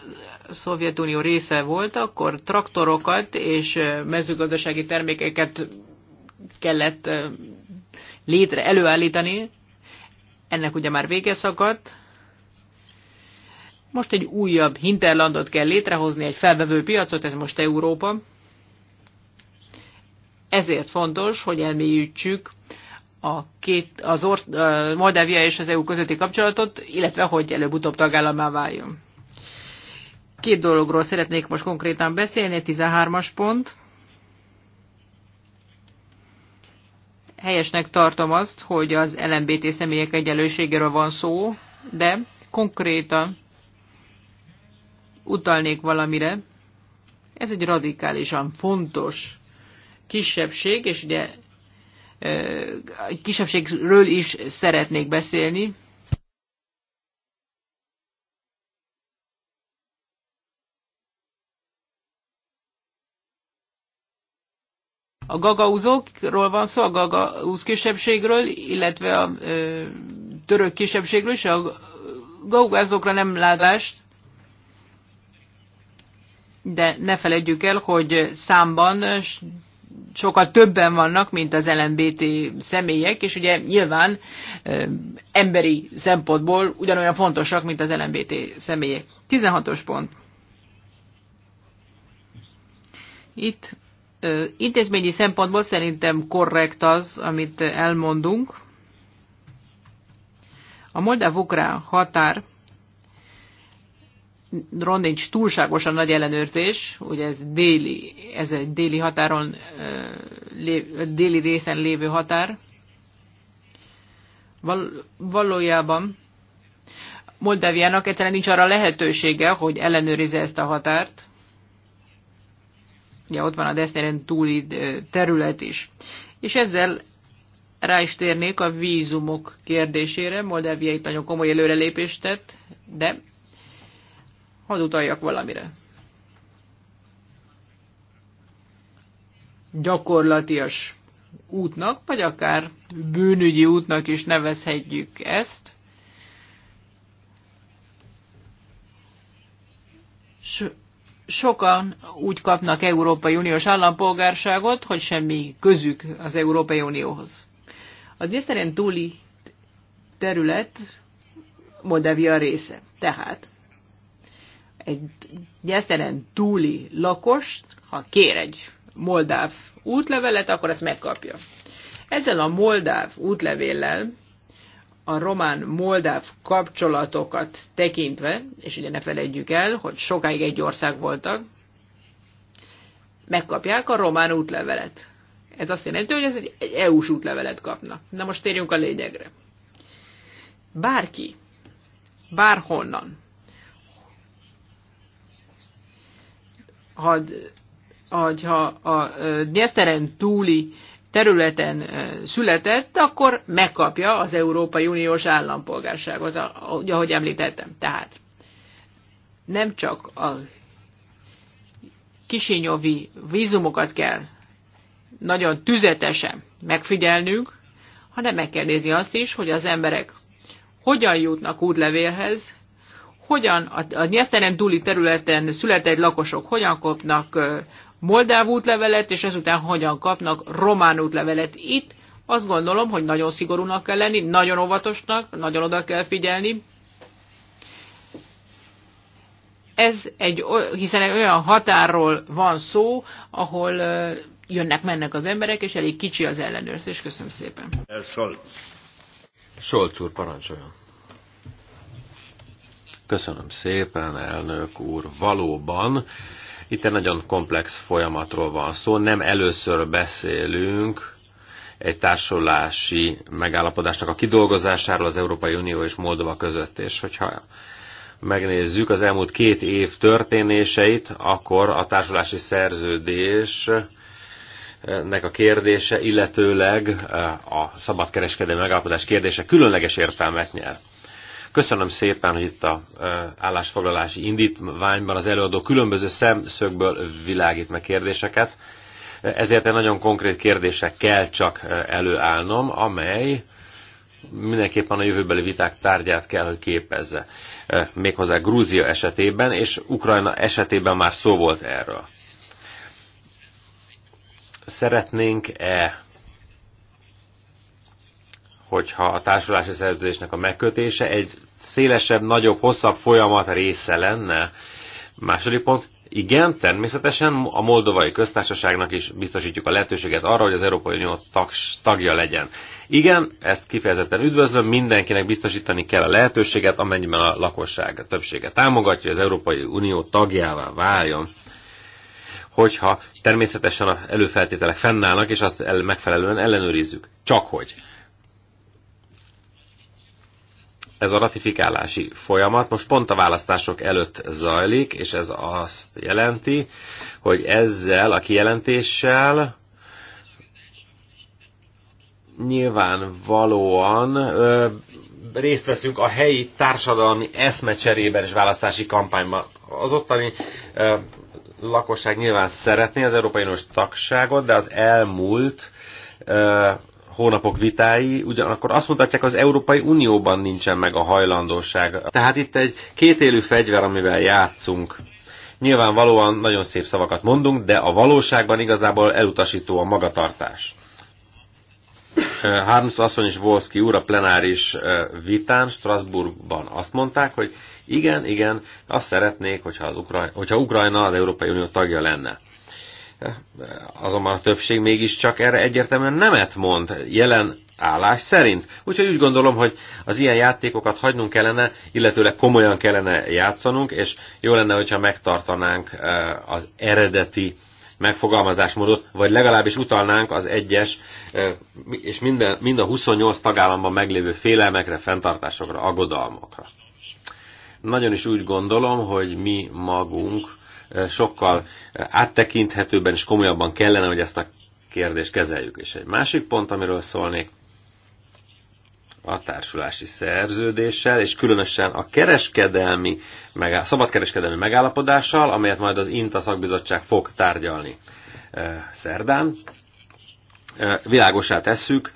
Szovjetunió része volt, akkor traktorokat és mezőgazdasági termékeket kellett létre előállítani. Ennek ugye már vége szakadt. Most egy újabb hinterlandot kell létrehozni, egy felvevő piacot, ez most Európa. Ezért fontos, hogy elmélyítsük a két, az Or- a Moldávia és az EU közötti kapcsolatot, illetve hogy előbb-utóbb tagállamá váljon. Két dologról szeretnék most konkrétan beszélni, 13-as pont. Helyesnek tartom azt, hogy az LMBT személyek egyenlőségéről van szó, de konkrétan utalnék valamire. Ez egy radikálisan fontos kisebbség, és ugye kisebbségről is szeretnék beszélni. A gagauzokról van szó, a gagauz kisebbségről, illetve a ö, török kisebbségről, és a gagauzokra nem látást, de ne feledjük el, hogy számban sokkal többen vannak, mint az LMBT személyek, és ugye nyilván emberi szempontból ugyanolyan fontosak, mint az LMBT személyek. 16-os pont. Itt intézményi szempontból szerintem korrekt az, amit elmondunk. A moldav ukrán határ Ron nincs túlságosan nagy ellenőrzés, ugye ez déli, ez egy déli határon, déli részen lévő határ. Val, valójában Moldáviának egyszerűen nincs arra lehetősége, hogy ellenőrizze ezt a határt. Ugye ott van a Desznéren túli terület is. És ezzel rá is térnék a vízumok kérdésére. Moldávia itt nagyon komoly előrelépést tett, de hadd utaljak valamire. Gyakorlatias útnak, vagy akár bűnügyi útnak is nevezhetjük ezt. sokan úgy kapnak Európai Uniós állampolgárságot, hogy semmi közük az Európai Unióhoz. A Dniszteren túli terület Moldavia része. Tehát egy nyeszteren túli lakost, ha kér egy moldáv útlevelet, akkor ezt megkapja. Ezzel a moldáv útlevéllel a román-moldáv kapcsolatokat tekintve, és ugye ne felejtjük el, hogy sokáig egy ország voltak, megkapják a román útlevelet. Ez azt jelenti, hogy ez egy, egy EU-s útlevelet kapnak. Na most térjünk a lényegre. Bárki, bárhonnan had, ha a Dnieszteren túli területen született, akkor megkapja az Európai Uniós állampolgárságot, ahogy említettem. Tehát nem csak a kisinyovi vízumokat kell nagyon tüzetesen megfigyelnünk, hanem meg kell nézni azt is, hogy az emberek hogyan jutnak útlevélhez, hogyan a Nyeszteren túli területen született lakosok hogyan kapnak moldáv útlevelet, és ezután hogyan kapnak román útlevelet. Itt azt gondolom, hogy nagyon szigorúnak kell lenni, nagyon óvatosnak, nagyon oda kell figyelni. Ez egy, hiszen egy olyan határról van szó, ahol jönnek-mennek az emberek, és elég kicsi az ellenőrzés. Köszönöm szépen. Scholz. Scholz úr, parancsoljon. Köszönöm szépen, elnök úr. Valóban, itt egy nagyon komplex folyamatról van szó. Nem először beszélünk egy társulási megállapodásnak a kidolgozásáról az Európai Unió és Moldova között. És hogyha megnézzük az elmúlt két év történéseit, akkor a társulási szerződés nek a kérdése, illetőleg eh, a szabadkereskedelmi megállapodás kérdése különleges értelmet nyer. Köszönöm szépen, hogy itt a állásfoglalási indítványban az előadó különböző szemszögből világít meg kérdéseket. Ezért egy nagyon konkrét kérdésekkel csak előállnom, amely mindenképpen a jövőbeli viták tárgyát kell, hogy képezze. Méghozzá Grúzia esetében, és Ukrajna esetében már szó volt erről. Szeretnénk-e hogyha a társulási szerződésnek a megkötése egy szélesebb, nagyobb, hosszabb folyamat része lenne. Második pont, igen, természetesen a moldovai köztársaságnak is biztosítjuk a lehetőséget arra, hogy az Európai Unió tagja legyen. Igen, ezt kifejezetten üdvözlöm, mindenkinek biztosítani kell a lehetőséget, amennyiben a lakosság a többsége támogatja, hogy az Európai Unió tagjává váljon hogyha természetesen az előfeltételek fennállnak, és azt megfelelően ellenőrizzük. Csak hogy ez a ratifikálási folyamat most pont a választások előtt zajlik, és ez azt jelenti, hogy ezzel a kijelentéssel nyilvánvalóan ö, részt veszünk a helyi társadalmi eszmecserében és választási kampányban. Az ottani ö, lakosság nyilván szeretné az Európai Uniós tagságot, de az elmúlt ö, hónapok vitái, ugyanakkor azt mutatják, az Európai Unióban nincsen meg a hajlandóság. Tehát itt egy kétélű fegyver, amivel játszunk. Nyilvánvalóan nagyon szép szavakat mondunk, de a valóságban igazából elutasító a magatartás. Harms asszony és Volszki úr a plenáris vitán Strasbourgban azt mondták, hogy igen, igen, azt szeretnék, hogyha, az Ukrajna, hogyha Ukrajna az Európai Unió tagja lenne azonban a többség mégiscsak erre egyértelműen nemet mond jelen állás szerint. Úgyhogy úgy gondolom, hogy az ilyen játékokat hagynunk kellene, illetőleg komolyan kellene játszanunk, és jó lenne, hogyha megtartanánk eh, az eredeti megfogalmazásmódot, vagy legalábbis utalnánk az egyes eh, és minden, mind a 28 tagállamban meglévő félelmekre, fenntartásokra, aggodalmakra. Nagyon is úgy gondolom, hogy mi magunk sokkal áttekinthetőbben és komolyabban kellene, hogy ezt a kérdést kezeljük. És egy másik pont, amiről szólnék, a társulási szerződéssel, és különösen a kereskedelmi, a szabadkereskedelmi megállapodással, amelyet majd az INTA szakbizottság fog tárgyalni szerdán. Világosát tesszük,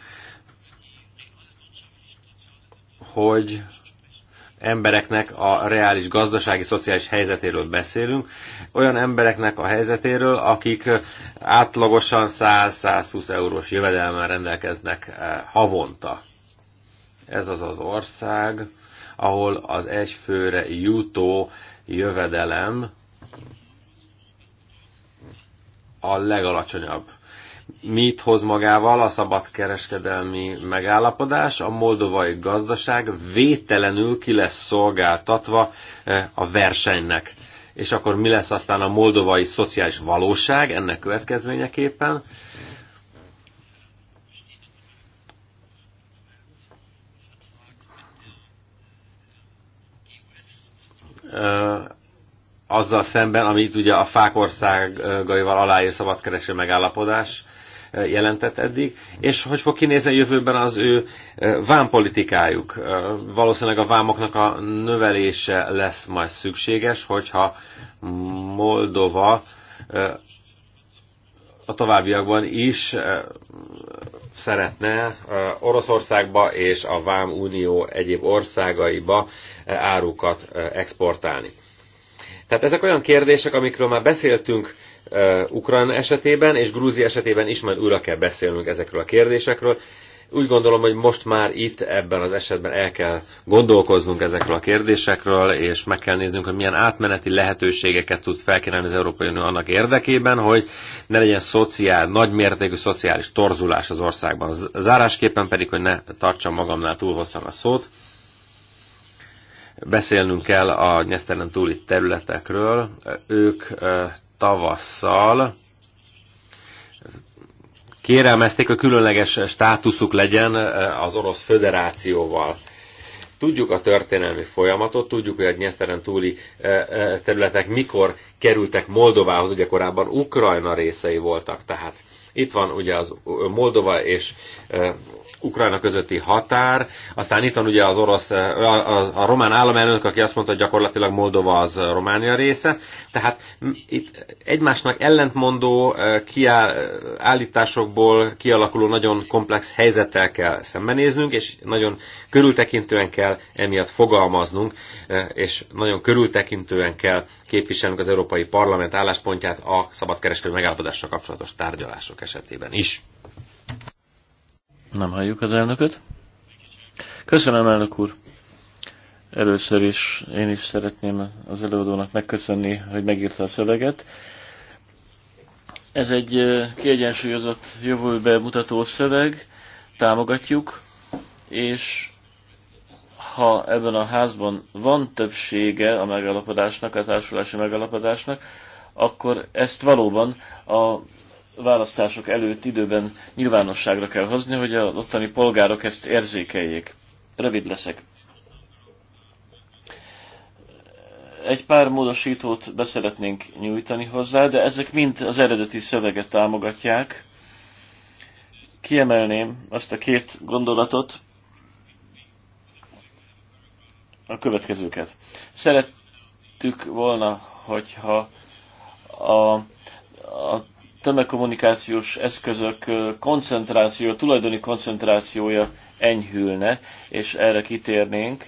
hogy embereknek a reális gazdasági, szociális helyzetéről beszélünk, olyan embereknek a helyzetéről, akik átlagosan 100-120 eurós jövedelmen rendelkeznek eh, havonta. Ez az az ország, ahol az egyfőre jutó jövedelem a legalacsonyabb mit hoz magával a szabadkereskedelmi megállapodás, a moldovai gazdaság vételenül ki lesz szolgáltatva eh, a versenynek. És akkor mi lesz aztán a moldovai szociális valóság ennek következményeképpen? Eh, azzal szemben, amit ugye a fák országaival aláír szabadkereső megállapodás, jelentett eddig, és hogy fog kinézni a jövőben az ő vámpolitikájuk. Valószínűleg a vámoknak a növelése lesz majd szükséges, hogyha Moldova a továbbiakban is szeretne Oroszországba és a Vám Unió egyéb országaiba árukat exportálni. Tehát ezek olyan kérdések, amikről már beszéltünk Eh, Ukrán esetében, és Grúzia esetében is majd újra kell beszélnünk ezekről a kérdésekről. Úgy gondolom, hogy most már itt ebben az esetben el kell gondolkoznunk ezekről a kérdésekről, és meg kell néznünk, hogy milyen átmeneti lehetőségeket tud felkínálni az Európai Unió annak érdekében, hogy ne legyen szociál, nagymértékű szociális torzulás az országban. Zárásképpen pedig, hogy ne tartsam magamnál túl hosszan a szót, beszélnünk kell a nyesztelen túli területekről. Ők eh, tavasszal kérelmezték, hogy különleges státuszuk legyen eh, az Orosz Föderációval. Tudjuk a történelmi folyamatot, tudjuk, hogy a Dnyeszteren túli eh, eh, területek mikor kerültek Moldovához, ugye korábban Ukrajna részei voltak, tehát itt van ugye az Moldova és Ukrajna közötti határ, aztán itt van ugye az orosz, a, a, a román államelnök, aki azt mondta, hogy gyakorlatilag Moldova az Románia része, tehát itt egymásnak ellentmondó kiáll, állításokból kialakuló nagyon komplex helyzettel kell szembenéznünk, és nagyon körültekintően kell emiatt fogalmaznunk, és nagyon körültekintően kell képviselnünk az Európai Parlament álláspontját a szabadkereskedő megállapodással kapcsolatos tárgyalások esetében is. Nem halljuk az elnököt. Köszönöm, elnök úr! Először is én is szeretném az előadónak megköszönni, hogy megírta a szöveget. Ez egy kiegyensúlyozott jövőbe mutató szöveg, támogatjuk, és ha ebben a házban van többsége a megalapodásnak, a társulási megalapodásnak, akkor ezt valóban a választások előtt időben nyilvánosságra kell hozni, hogy az ottani polgárok ezt érzékeljék. Rövid leszek. Egy pár módosítót beszeretnénk nyújtani hozzá, de ezek mind az eredeti szöveget támogatják. Kiemelném azt a két gondolatot, a következőket. Szerettük volna, hogyha a, a tömegkommunikációs eszközök koncentrációja, tulajdoni koncentrációja enyhülne, és erre kitérnénk,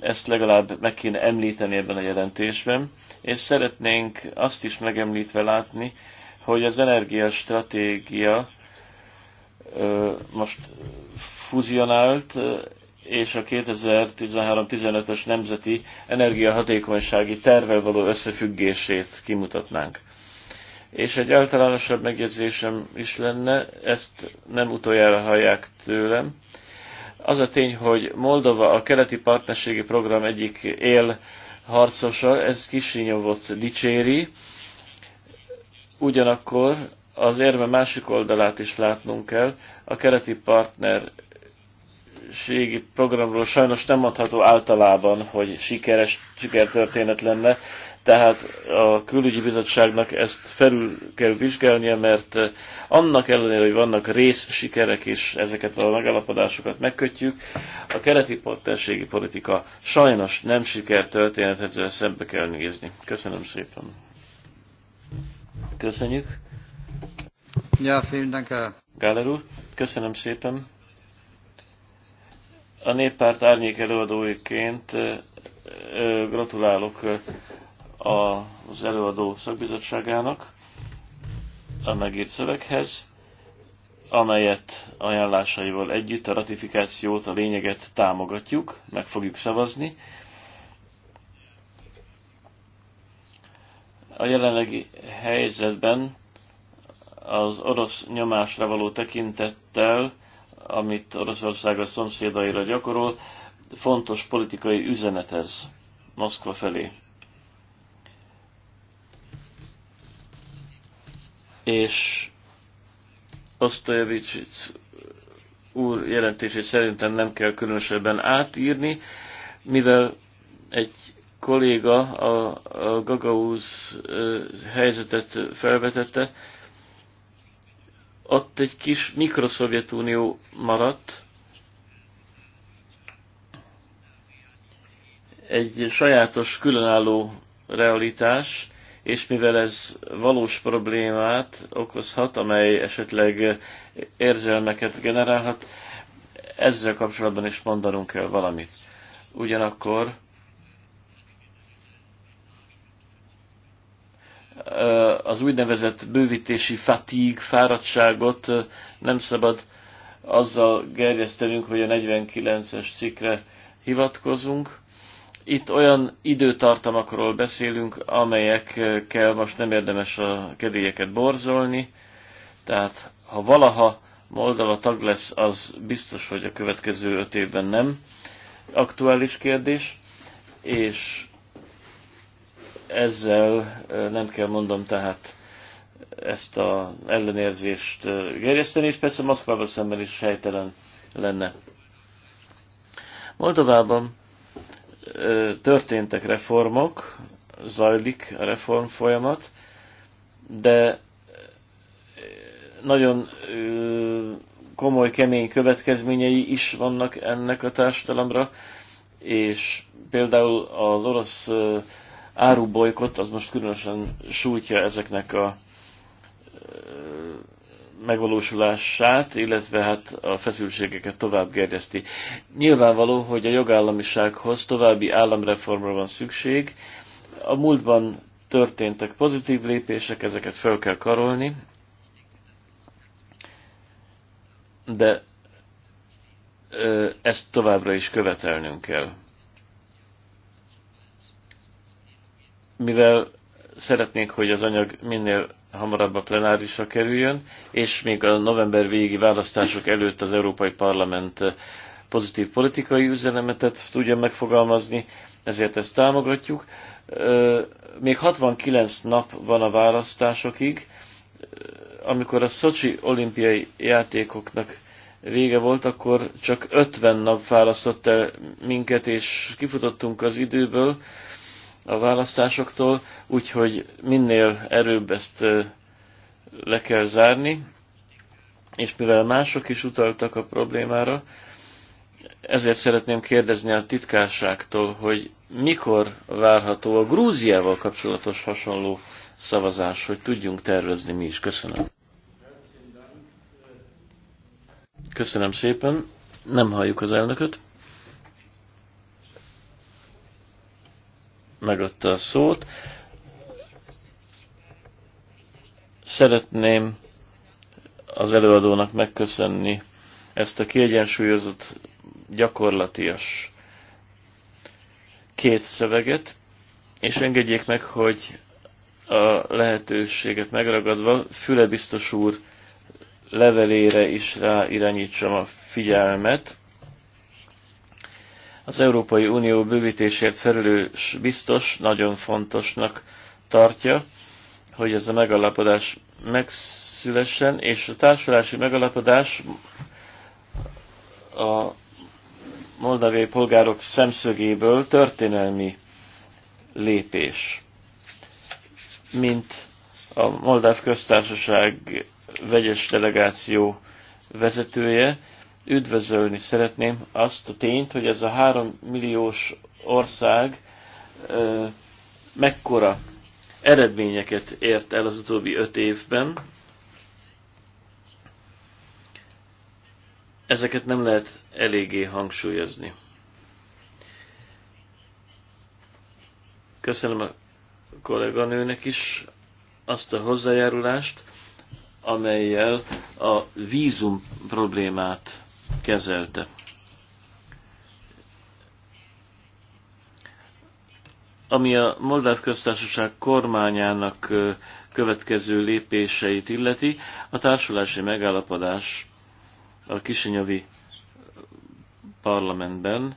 ezt legalább meg kéne említeni ebben a jelentésben, és szeretnénk azt is megemlítve látni, hogy az energiastratégia most fuzionált, és a 2013-15-ös nemzeti energiahatékonysági tervel való összefüggését kimutatnánk. És egy általánosabb megjegyzésem is lenne, ezt nem utoljára hallják tőlem. Az a tény, hogy Moldova a keleti partnerségi program egyik él harcosa, ez Kisinyovot dicséri, ugyanakkor az érve másik oldalát is látnunk kell. A keleti partnerségi programról sajnos nem adható általában, hogy sikeres sikertörténet lenne, tehát a külügyi bizottságnak ezt felül kell vizsgálnia, mert annak ellenére, hogy vannak rész sikerek és ezeket a megalapodásokat megkötjük, a keleti terségi politika sajnos nem sikertörténet, történethez szembe kell nézni. Köszönöm szépen. Köszönjük. Ja, vielen Dank. Gáler úr, köszönöm szépen. A néppárt árnyék előadóiként gratulálok az előadó szakbizottságának a megírt szöveghez, amelyet ajánlásaival együtt a ratifikációt, a lényeget támogatjuk, meg fogjuk szavazni. A jelenlegi helyzetben az orosz nyomásra való tekintettel, amit Oroszország a szomszédaira gyakorol, fontos politikai üzenet ez Moszkva felé. és Osztajevicsic úr jelentését szerintem nem kell különösebben átírni, mivel egy kolléga a, a Gagauz helyzetet felvetette, ott egy kis mikroszovjetunió maradt, egy sajátos, különálló realitás, és mivel ez valós problémát okozhat, amely esetleg érzelmeket generálhat, ezzel kapcsolatban is mondanunk kell valamit. Ugyanakkor az úgynevezett bővítési fatíg, fáradtságot nem szabad azzal gerjesztenünk, hogy a 49-es cikkre hivatkozunk, itt olyan időtartamakról beszélünk, amelyekkel most nem érdemes a kedélyeket borzolni, tehát ha valaha Moldova tag lesz, az biztos, hogy a következő öt évben nem aktuális kérdés, és ezzel nem kell mondom tehát ezt az ellenérzést gerjeszteni, és persze Moszkvával szemben is helytelen lenne. Moldovában történtek reformok, zajlik a reform folyamat, de nagyon komoly, kemény következményei is vannak ennek a társadalomra, és például az orosz árubolykot az most különösen sújtja ezeknek a megvalósulását, illetve hát a feszültségeket tovább gerjeszti. Nyilvánvaló, hogy a jogállamisághoz további államreformra van szükség. A múltban történtek pozitív lépések, ezeket fel kell karolni, de ezt továbbra is követelnünk kell. Mivel szeretnék, hogy az anyag minél hamarabb a plenárisra kerüljön, és még a november végi választások előtt az Európai Parlament eh, pozitív politikai üzenemetet tudja megfogalmazni, ezért ezt támogatjuk. Eh, még 69 nap van a választásokig, eh, amikor a Szocsi olimpiai játékoknak vége volt, akkor csak 50 nap választott el minket, és kifutottunk az időből, a választásoktól, úgyhogy minél erőbb ezt le kell zárni, és mivel mások is utaltak a problémára, ezért szeretném kérdezni a titkárságtól, hogy mikor várható a Grúziával kapcsolatos hasonló szavazás, hogy tudjunk tervezni mi is. Köszönöm. Köszönöm szépen. Nem halljuk az elnököt. megadta a szót. Szeretném az előadónak megköszönni ezt a kiegyensúlyozott, gyakorlatias két szöveget, és engedjék meg, hogy a lehetőséget megragadva Füle biztos úr levelére is rá irányítsam a figyelmet, az Európai Unió bővítésért felelős biztos nagyon fontosnak tartja, hogy ez a megalapodás megszülessen, és a társulási megalapodás a moldaviai polgárok szemszögéből történelmi lépés, mint a Moldáv köztársaság vegyes delegáció vezetője, üdvözölni szeretném azt a tényt, hogy ez a három milliós ország mekkora eredményeket ért el az utóbbi öt évben. Ezeket nem lehet eléggé hangsúlyozni. Köszönöm a kolléganőnek is azt a hozzájárulást, amelyel a vízum problémát kezelte. Ami a Moldáv köztársaság kormányának következő lépéseit illeti, a társulási megállapodás a kisinyavi parlamentben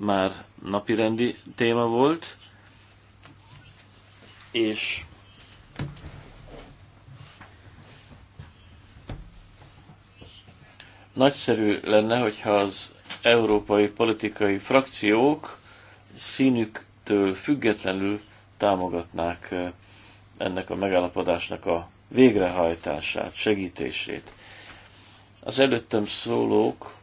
már napirendi téma volt, és Nagyszerű lenne, hogyha az európai politikai frakciók színüktől függetlenül támogatnák eh, ennek a megállapodásnak a végrehajtását, segítését. Az előttem szólók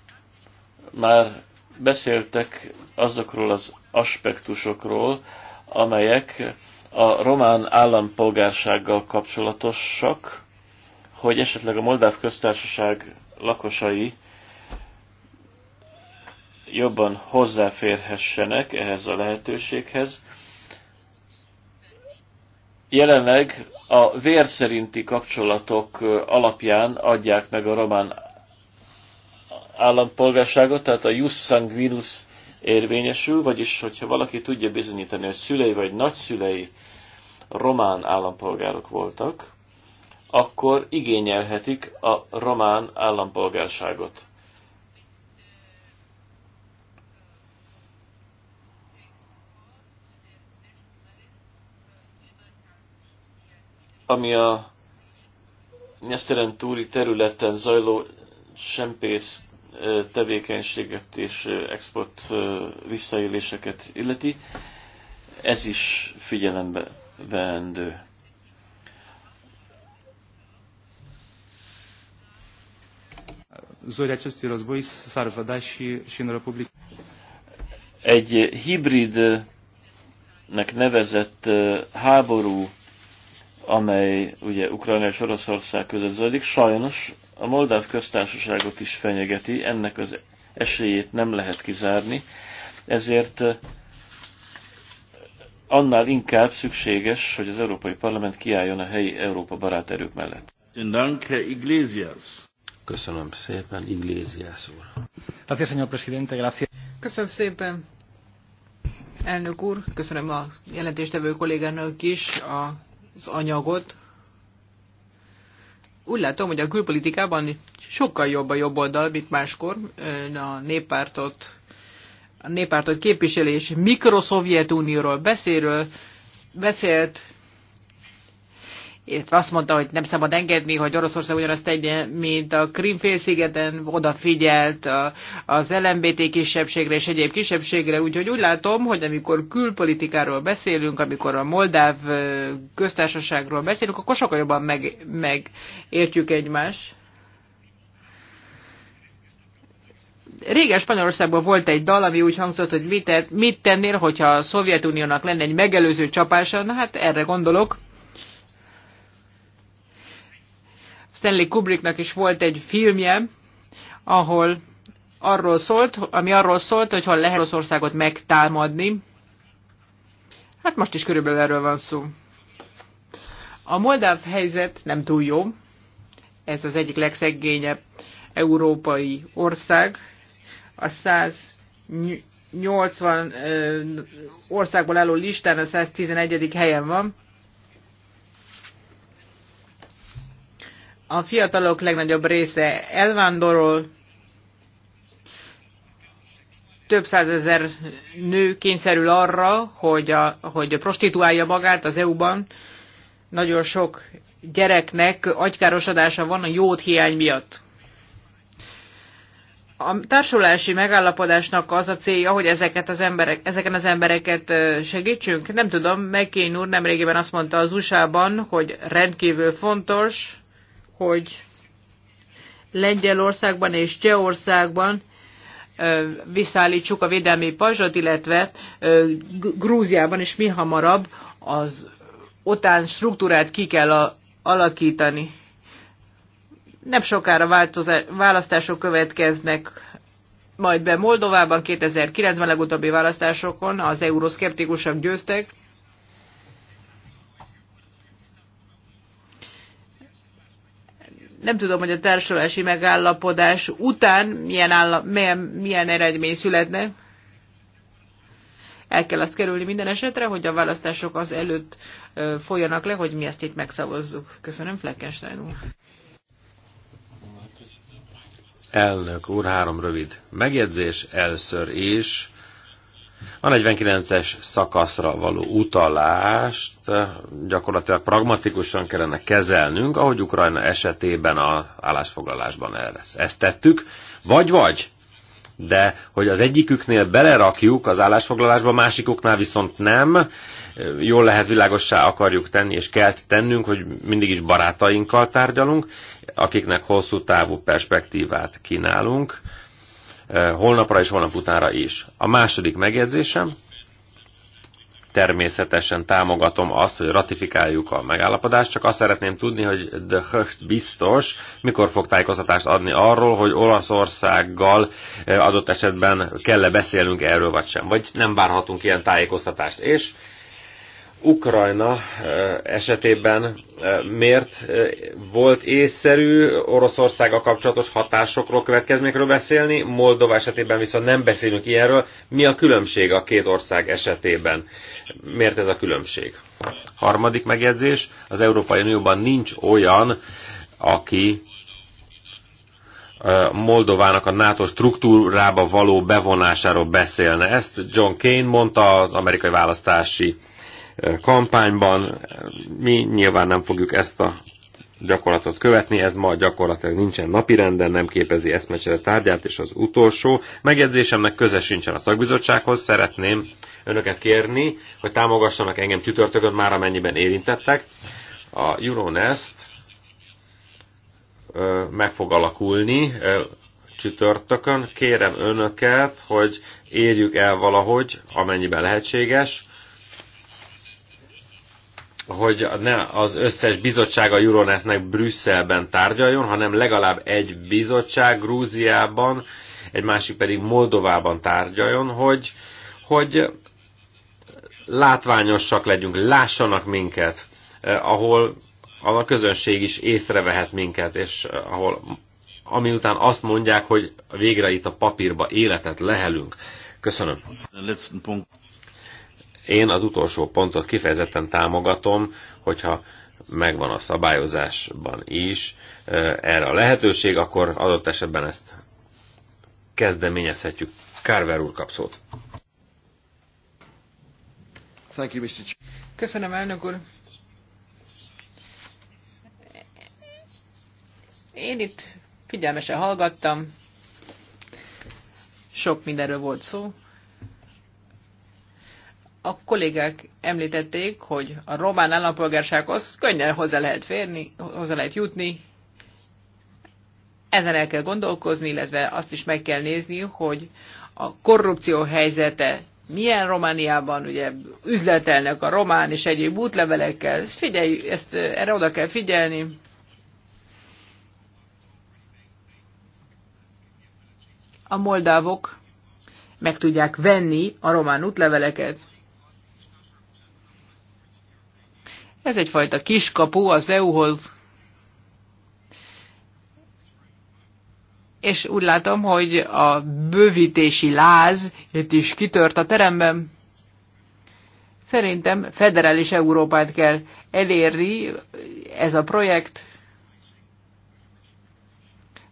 már beszéltek azokról az aspektusokról, amelyek a román állampolgársággal kapcsolatosak, hogy esetleg a Moldáv köztársaság lakosai jobban hozzáférhessenek ehhez a lehetőséghez. Jelenleg a vér szerinti kapcsolatok alapján adják meg a román állampolgárságot, tehát a jus sanguinus érvényesül, vagyis hogyha valaki tudja bizonyítani, hogy szülei vagy nagyszülei román állampolgárok voltak, akkor igényelhetik a román állampolgárságot. Ami a Nyeszteren túri területen zajló sempész tevékenységet és export visszaéléseket illeti, ez is figyelembe veendő. zori acestui război s-ar vedea și, și în Republica. Egy hibridnek nevezett uh, háború, amely ugye Ukrajna és Oroszország között zajlik, sajnos a Moldáv köztársaságot is fenyegeti, ennek az esélyét nem lehet kizárni, ezért uh, annál inkább szükséges, hogy az Európai Parlament kiálljon a helyi Európa barát erők mellett. Dank, Herr Iglesias. Köszönöm szépen, Iglesias úr. Köszönöm szépen, elnök úr. Köszönöm a jelentéstevő kollégának is az anyagot. Úgy látom, hogy a külpolitikában sokkal jobb a jobb oldal, mint máskor. Ön a néppártot, a néppártot képviselés Mikroszovjetunióról beszélről, beszélt, illetve azt mondta, hogy nem szabad engedni, hogy Oroszország ugyanazt tegye, mint a Krimfélszigeten, odafigyelt az LMBT kisebbségre és egyéb kisebbségre, úgyhogy úgy látom, hogy amikor külpolitikáról beszélünk, amikor a Moldáv köztársaságról beszélünk, akkor sokkal jobban meg, megértjük egymást. régen Spanyolországban volt egy dal, ami úgy hangzott, hogy mit, mit tennél, hogyha a Szovjetuniónak lenne egy megelőző csapása, na hát erre gondolok. Stanley Kubricknak is volt egy filmje, ahol arról szólt, ami arról szólt, hogy ha lehet Oroszországot megtámadni. Hát most is körülbelül erről van szó. A moldáv helyzet nem túl jó. Ez az egyik legszegényebb európai ország. A 180 országból álló listán a 111. helyen van. A fiatalok legnagyobb része elvándorol, több százezer nő kényszerül arra, hogy, a, hogy prostituálja magát az EU-ban. Nagyon sok gyereknek agykárosodása van a jót hiány miatt. A társulási megállapodásnak az a célja, hogy ezeket az emberek, ezeken az embereket segítsünk. Nem tudom, McCain úr nemrégiben azt mondta az USA-ban, hogy rendkívül fontos, hogy Lengyelországban és Csehországban visszaállítsuk a védelmi pajzsot, illetve Grúziában is mi hamarabb az otán struktúrát ki kell alakítani. Nem sokára választások következnek majd be Moldovában 2009-ben legutóbbi választásokon az euroszkeptikusok győztek, nem tudom, hogy a társulási megállapodás után milyen, állam, milyen, milyen eredmény születne. El kell azt kerülni minden esetre, hogy a választások az előtt folyanak le, hogy mi ezt itt megszavazzuk. Köszönöm, Fleckenstein úr. Elnök úr, három rövid megjegyzés. Először is a 49-es szakaszra való utalást eh, gyakorlatilag pragmatikusan kellene kezelnünk, ahogy Ukrajna esetében az állásfoglalásban erre. Ezt tettük, vagy-vagy, de hogy az egyiküknél belerakjuk az állásfoglalásba, másikoknál viszont nem, eh, jól lehet világossá akarjuk tenni, és kell tennünk, hogy mindig is barátainkkal tárgyalunk, akiknek hosszú távú perspektívát kínálunk, Eh, holnapra és holnap utánra is. A második megjegyzésem, természetesen támogatom azt, hogy ratifikáljuk a megállapodást, csak azt szeretném tudni, hogy de Höcht biztos, mikor fog tájékoztatást adni arról, hogy Olaszországgal eh, adott esetben kell-e beszélnünk erről vagy sem, vagy nem várhatunk ilyen tájékoztatást. És Ukrajna esetében miért volt észszerű Oroszországa kapcsolatos hatásokról, következményekről beszélni, Moldova esetében viszont nem beszélünk ilyenről. Mi a különbség a két ország esetében? Miért ez a különbség? Harmadik megjegyzés, az Európai Unióban nincs olyan, aki Moldovának a NATO struktúrába való bevonásáról beszélne. Ezt John Kane mondta az amerikai választási kampányban. Mi nyilván nem fogjuk ezt a gyakorlatot követni, ez ma gyakorlatilag nincsen napirenden, nem képezi eszmecsere tárgyát, és az utolsó megjegyzésemnek köze sincsen a szakbizottsághoz, szeretném önöket kérni, hogy támogassanak engem csütörtökön, már amennyiben érintettek. A Euronest meg fog alakulni csütörtökön. Kérem önöket, hogy érjük el valahogy, amennyiben lehetséges, hogy ne az összes bizottság a Euronesznek Brüsszelben tárgyaljon, hanem legalább egy bizottság Grúziában, egy másik pedig Moldovában tárgyaljon, hogy, hogy látványosak legyünk, lássanak minket, eh, ahol, ahol a közönség is észrevehet minket, és eh, ahol ami után azt mondják, hogy végre itt a papírba életet lehelünk. Köszönöm. Én az utolsó pontot kifejezetten támogatom, hogyha megvan a szabályozásban is erre a lehetőség, akkor adott esetben ezt kezdeményezhetjük. Carver úr kap szót. Köszönöm, elnök úr. Én itt figyelmesen hallgattam, sok mindenről volt szó. A kollégák említették, hogy a román állampolgársághoz könnyen hozzá lehet férni, hozzá lehet jutni. Ezen el kell gondolkozni, illetve azt is meg kell nézni, hogy a korrupció helyzete milyen Romániában, ugye üzletelnek a román és egyéb útlevelekkel, ezt figyelj, ezt erre oda kell figyelni. A moldávok meg tudják venni a román útleveleket. Ez egyfajta kiskapu az EU-hoz. És úgy látom, hogy a bővítési láz itt is kitört a teremben. Szerintem federális Európát kell elérni ez a projekt.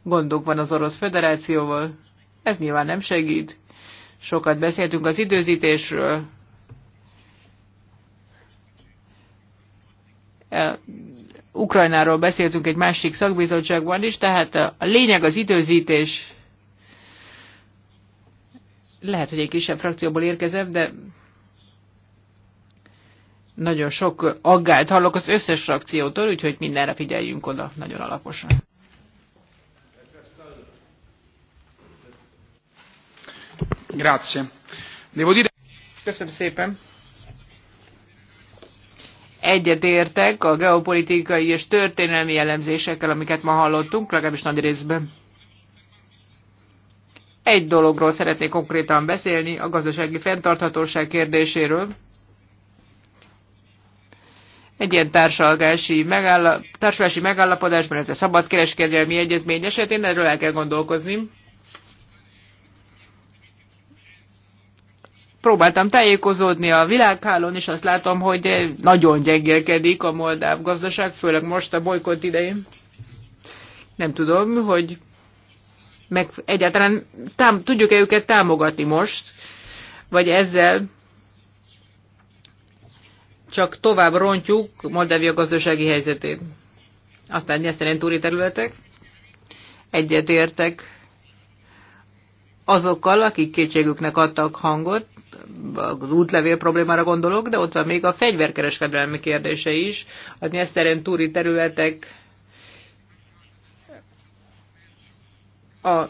Gondok van az Orosz Federációval. Ez nyilván nem segít. Sokat beszéltünk az időzítésről Ukrajnáról beszéltünk egy másik szakbizottságban is, tehát a lényeg az időzítés. Lehet, hogy egy kisebb frakcióból érkezem, de nagyon sok aggályt hallok az összes frakciótól, úgyhogy mindenre figyeljünk oda nagyon alaposan. Grazie. Devo dire... Köszönöm szépen egyetértek a geopolitikai és történelmi jellemzésekkel, amiket ma hallottunk, legalábbis nagy részben. Egy dologról szeretnék konkrétan beszélni, a gazdasági fenntarthatóság kérdéséről. Egy ilyen társalgási megállap, társulási megállapodásban, ez a szabadkereskedelmi egyezmény esetén erről el kell gondolkozni. próbáltam tájékozódni a világhálón, és azt látom, hogy nagyon gyengélkedik a moldáv gazdaság, főleg most a bolykott idején. Nem tudom, hogy meg egyáltalán tám- tudjuk-e őket támogatni most, vagy ezzel csak tovább rontjuk Moldávia gazdasági helyzetét. Aztán nyesztelen túri területek. Egyetértek azokkal, akik kétségüknek adtak hangot, az útlevél problémára gondolok, de ott van még a fegyverkereskedelmi kérdése is. A Nyeszteren túri területek a,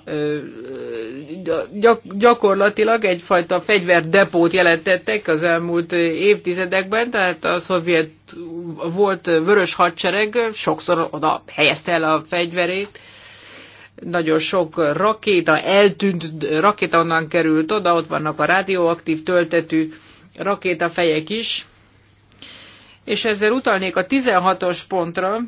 gyakorlatilag egyfajta fegyverdepót jelentettek az elmúlt évtizedekben, tehát a szovjet volt vörös hadsereg sokszor oda helyezte el a fegyverét, nagyon sok rakéta, eltűnt rakéta onnan került oda, ott vannak a radioaktív töltetű rakétafejek is. És ezzel utalnék a 16-os pontra,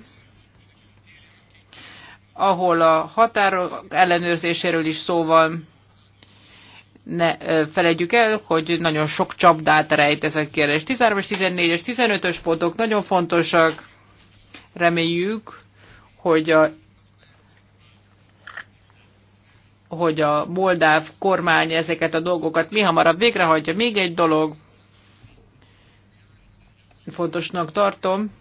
ahol a határok ellenőrzéséről is szó van. Ne felejtjük el, hogy nagyon sok csapdát rejt ez a kérdés. 13-as, 14-es, 15-ös pontok nagyon fontosak. Reméljük, hogy a hogy a moldáv kormány ezeket a dolgokat mi hamarabb végrehajtja. Még egy dolog, fontosnak tartom,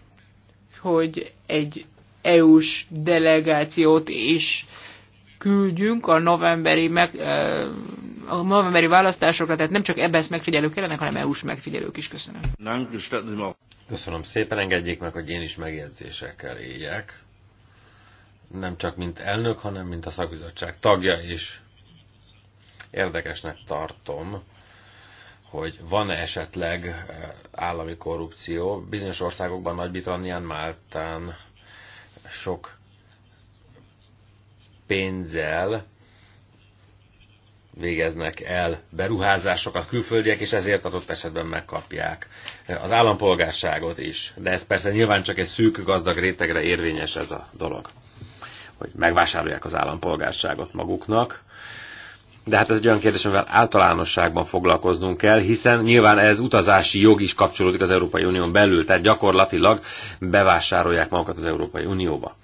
hogy egy EU-s delegációt is küldjünk a novemberi, meg, a novemberi választásokra, tehát nem csak EBSZ e megfigyelők kellenek, hanem EU-s megfigyelők is. Köszönöm. Köszönöm szépen, engedjék meg, hogy én is megjegyzésekkel éljek nem csak mint elnök, hanem mint a szakbizottság tagja is. Érdekesnek tartom, hogy van-e esetleg eh, állami korrupció. Bizonyos országokban, Nagy-Britannián, Máltán sok pénzzel végeznek el beruházásokat külföldiek, és ezért adott esetben megkapják az állampolgárságot is. De ez persze nyilván csak egy szűk gazdag rétegre érvényes ez a dolog hogy megvásárolják az állampolgárságot maguknak. De hát ez egy olyan kérdés, amivel általánosságban foglalkoznunk kell, hiszen nyilván ez utazási jog is kapcsolódik az Európai Unión belül, tehát gyakorlatilag bevásárolják magukat az Európai Unióba.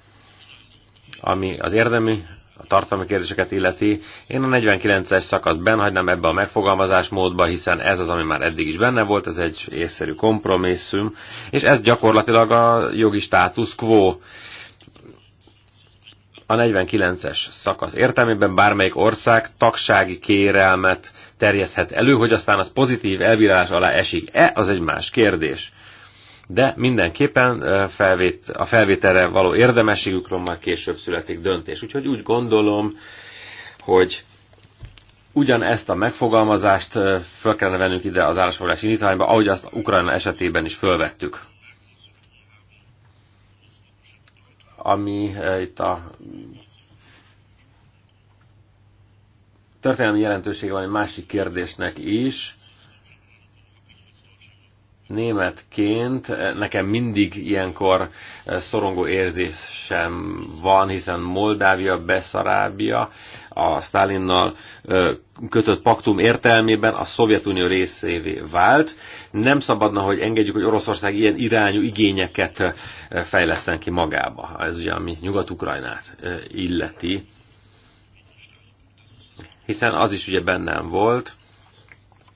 Ami az érdemi, a tartalmi kérdéseket illeti, én a 49-es szakasz benhagynám ebbe a megfogalmazás módba, hiszen ez az, ami már eddig is benne volt, ez egy észszerű kompromisszum, és ez gyakorlatilag a jogi státusz quo a 49-es szakasz értelmében bármelyik ország tagsági kérelmet terjeszhet elő, hogy aztán az pozitív elvírás alá esik-e, az egy más kérdés. De mindenképpen felvét, a felvételre való érdemességükről már később születik döntés. Úgyhogy úgy gondolom, hogy ugyanezt a megfogalmazást föl kellene vennünk ide az állásfoglalási indítványba, ahogy azt Ukrajna esetében is fölvettük. ami eh, itt a történelmi jelentősége van egy másik kérdésnek is. Németként eh, nekem mindig ilyenkor eh, szorongó érzésem van, hiszen Moldávia, Beszarábia a Stalinnal kötött paktum értelmében a Szovjetunió részévé vált. Nem szabadna, hogy engedjük, hogy Oroszország ilyen irányú igényeket fejleszten ki magába. Ez ugye, ami Nyugat-Ukrajnát illeti. Hiszen az is ugye bennem volt,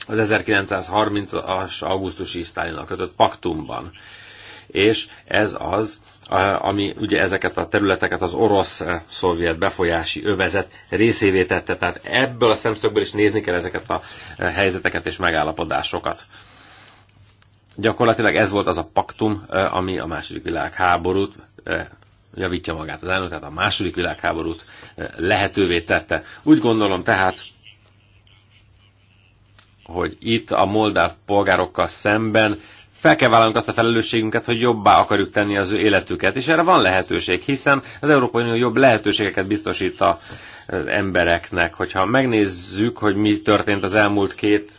az 1930-as augusztusi Sztálinnal kötött paktumban és ez az, ami ugye ezeket a területeket az orosz-szovjet e, befolyási övezet részévé tette. Tehát ebből a szemszögből is nézni kell ezeket a e, helyzeteket és megállapodásokat. Gyakorlatilag ez volt az a paktum, e, ami a második világháborút javítja magát az elnök, tehát a második világháborút lehetővé tette. Úgy gondolom tehát, hogy itt a moldáv polgárokkal szemben fel kell vállalnunk azt a felelősségünket, hogy jobbá akarjuk tenni az ő életüket, és erre van lehetőség, hiszen az Európai Unió jobb lehetőségeket biztosít az embereknek. Hogyha megnézzük, hogy mi történt az elmúlt két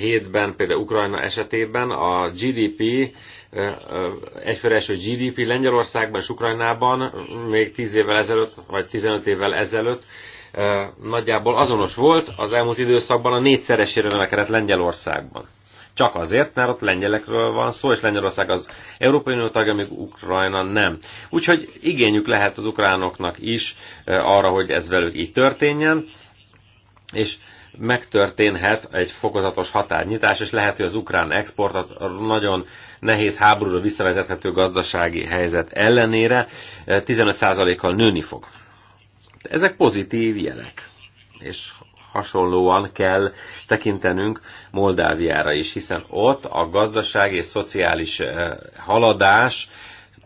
hétben, például Ukrajna esetében, a GDP egyfőre GDP Lengyelországban és Ukrajnában még 10 évvel ezelőtt, vagy 15 évvel ezelőtt nagyjából azonos volt, az elmúlt időszakban a négyszeresére növekedett Lengyelországban. Csak azért, mert ott lengyelekről van szó, és Lengyelország az Európai Unió tagja, még Ukrajna nem. Úgyhogy igényük lehet az ukránoknak is eh, arra, hogy ez velük így történjen, és megtörténhet egy fokozatos határnyitás, és lehet, hogy az ukrán export a nagyon nehéz háborúra visszavezethető gazdasági helyzet ellenére 15%-kal eh, nőni fog. Ezek pozitív jelek. És hasonlóan kell tekintenünk Moldáviára is, hiszen ott a gazdaság és szociális eh, haladás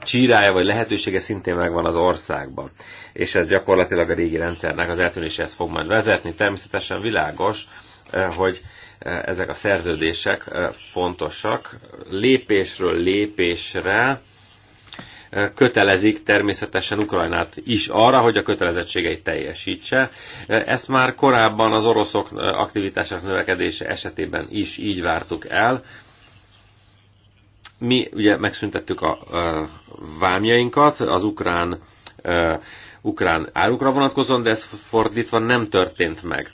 csírája vagy lehetősége szintén megvan az országban. És ez gyakorlatilag a régi rendszernek az eltűnéséhez fog majd vezetni. Természetesen világos, eh, hogy eh, ezek a szerződések fontosak. Lépésről lépésre kötelezik természetesen Ukrajnát is arra, hogy a kötelezettségeit teljesítse. Ezt már korábban az oroszok aktivitásának növekedése esetében is így vártuk el. Mi ugye megszüntettük a vámjainkat, az ukrán, ukrán árukra vonatkozóan, de ez fordítva nem történt meg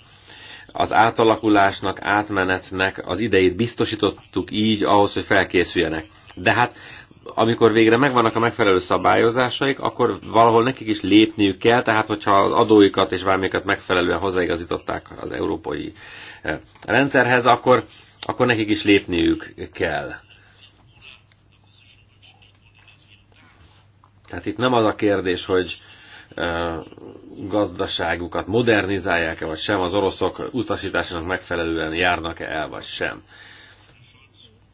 az átalakulásnak, átmenetnek az idejét biztosítottuk így ahhoz, hogy felkészüljenek. De hát amikor végre megvannak a megfelelő szabályozásaik, akkor valahol nekik is lépniük kell, tehát hogyha az adóikat és vámékat megfelelően hozzáigazították az európai eh, rendszerhez, akkor, akkor nekik is lépniük kell. Tehát itt nem az a kérdés, hogy eh, gazdaságukat modernizálják-e vagy sem, az oroszok utasításának megfelelően járnak-e el vagy sem.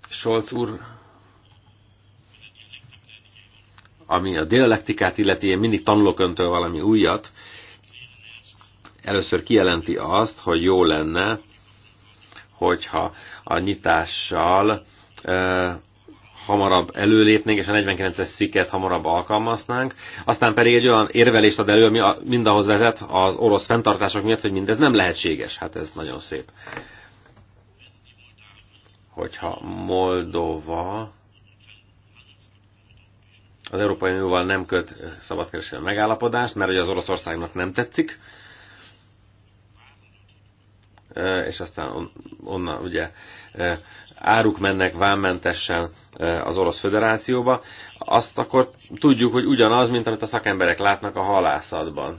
Scholz úr Ami a dialektikát illeti, én mindig tanulok öntől valami újat. Először kijelenti azt, hogy jó lenne, hogyha a nyitással e, hamarabb előlépnénk, és a 49-es sziket hamarabb alkalmaznánk. Aztán pedig egy olyan érvelést ad elő, ami mindahhoz vezet az orosz fenntartások miatt, hogy mindez nem lehetséges. Hát ez nagyon szép. Hogyha Moldova az Európai Unióval nem köt eh, szabadkereskedelmi megállapodást, mert hogy az Oroszországnak nem tetszik, eh, és aztán onnan ugye eh, áruk mennek vámmentesen az Orosz Föderációba, azt akkor tudjuk, hogy ugyanaz, mint amit a szakemberek látnak a halászatban.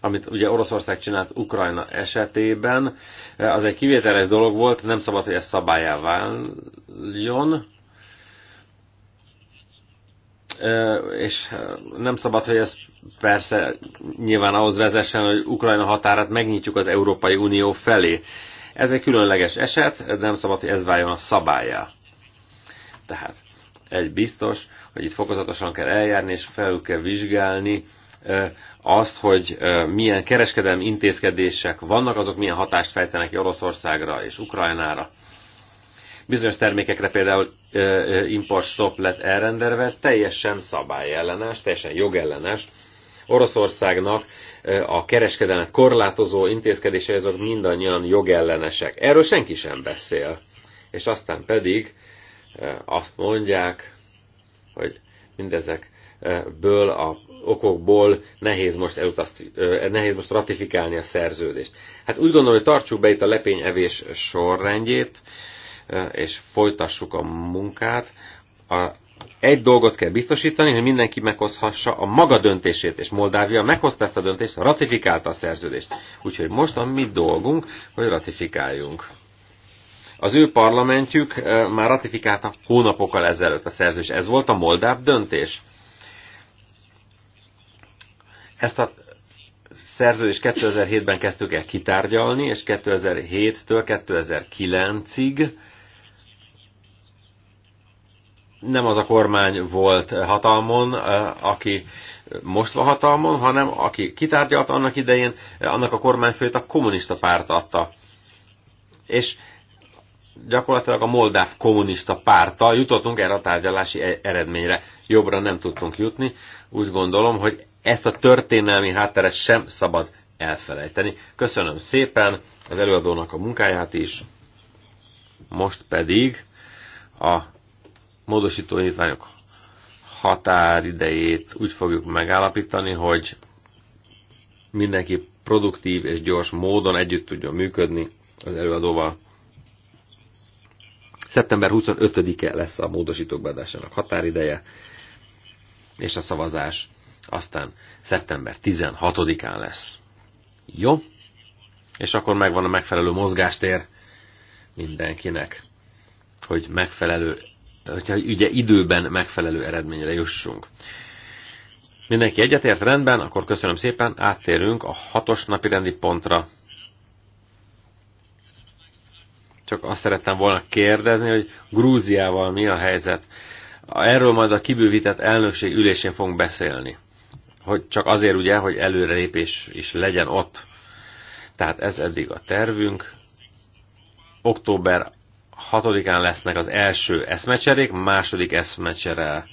Amit ugye Oroszország csinált Ukrajna esetében, az egy kivételes dolog volt, nem szabad, hogy ez szabályá váljon, és nem szabad, hogy ez persze nyilván ahhoz vezessen, hogy Ukrajna határát megnyitjuk az Európai Unió felé. Ez egy különleges eset, de nem szabad, hogy ez váljon a szabályá. Tehát egy biztos, hogy itt fokozatosan kell eljárni, és felül kell vizsgálni azt, hogy milyen kereskedelmi intézkedések vannak, azok milyen hatást fejtenek ki Oroszországra és Ukrajnára. Bizonyos termékekre például import stop lett elrendelve, ez teljesen szabályellenes, teljesen jogellenes. Oroszországnak a kereskedelmet korlátozó intézkedései azok mindannyian jogellenesek. Erről senki sem beszél. És aztán pedig azt mondják, hogy mindezekből a okokból nehéz most, elutaszt, nehéz most ratifikálni a szerződést. Hát úgy gondolom, hogy tartsuk be itt a lepényevés sorrendjét, és folytassuk a munkát. A, egy dolgot kell biztosítani, hogy mindenki meghozhassa a maga döntését, és Moldávia meghozta ezt a döntést, ratifikálta a szerződést. Úgyhogy most a mi dolgunk, hogy ratifikáljunk. Az ő parlamentjük már ratifikálta hónapokkal ezelőtt a szerződést. Ez volt a moldáv döntés. Ezt a szerződést 2007-ben kezdtük el kitárgyalni, és 2007-től 2009-ig nem az a kormány volt hatalmon, eh, aki most van hatalmon, hanem aki kitárgyalt annak idején, eh, annak a kormányfőt a kommunista párt adta. És gyakorlatilag a moldáv kommunista párta jutottunk erre a tárgyalási e- eredményre. Jobbra nem tudtunk jutni. Úgy gondolom, hogy ezt a történelmi hátteret sem szabad elfelejteni. Köszönöm szépen az előadónak a munkáját is. Most pedig a módosító indítványok határidejét úgy fogjuk megállapítani, hogy mindenki produktív és gyors módon együtt tudjon működni az előadóval. Szeptember 25-e lesz a módosítók beadásának határideje, és a szavazás aztán szeptember 16-án lesz. Jó? És akkor megvan a megfelelő mozgástér mindenkinek, hogy megfelelő hogyha ugye időben megfelelő eredményre jussunk. Mindenki egyetért, rendben, akkor köszönöm szépen, áttérünk a hatos napi rendi pontra. Csak azt szerettem volna kérdezni, hogy Grúziával mi a helyzet. Erről majd a kibővített elnökség ülésén fogunk beszélni. Hogy csak azért ugye, hogy előrelépés is legyen ott. Tehát ez eddig a tervünk. Október 6-án lesznek az első eszmecserék, második eszmecsere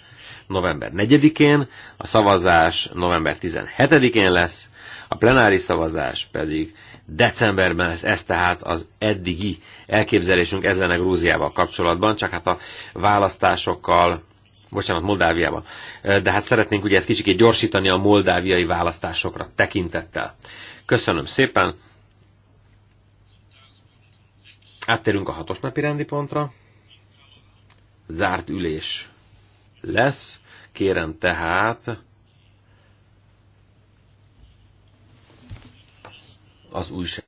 november 4-én, a szavazás november 17-én lesz, a plenáris szavazás pedig decemberben lesz, ez tehát az eddigi elképzelésünk ez lenne Grúziával kapcsolatban, csak hát a választásokkal, bocsánat, Moldáviában. De hát szeretnénk ugye ezt kicsikét gyorsítani a moldáviai választásokra tekintettel. Köszönöm szépen, Áttérünk a hatos napi rendi pontra. Zárt ülés lesz. Kérem tehát az újság.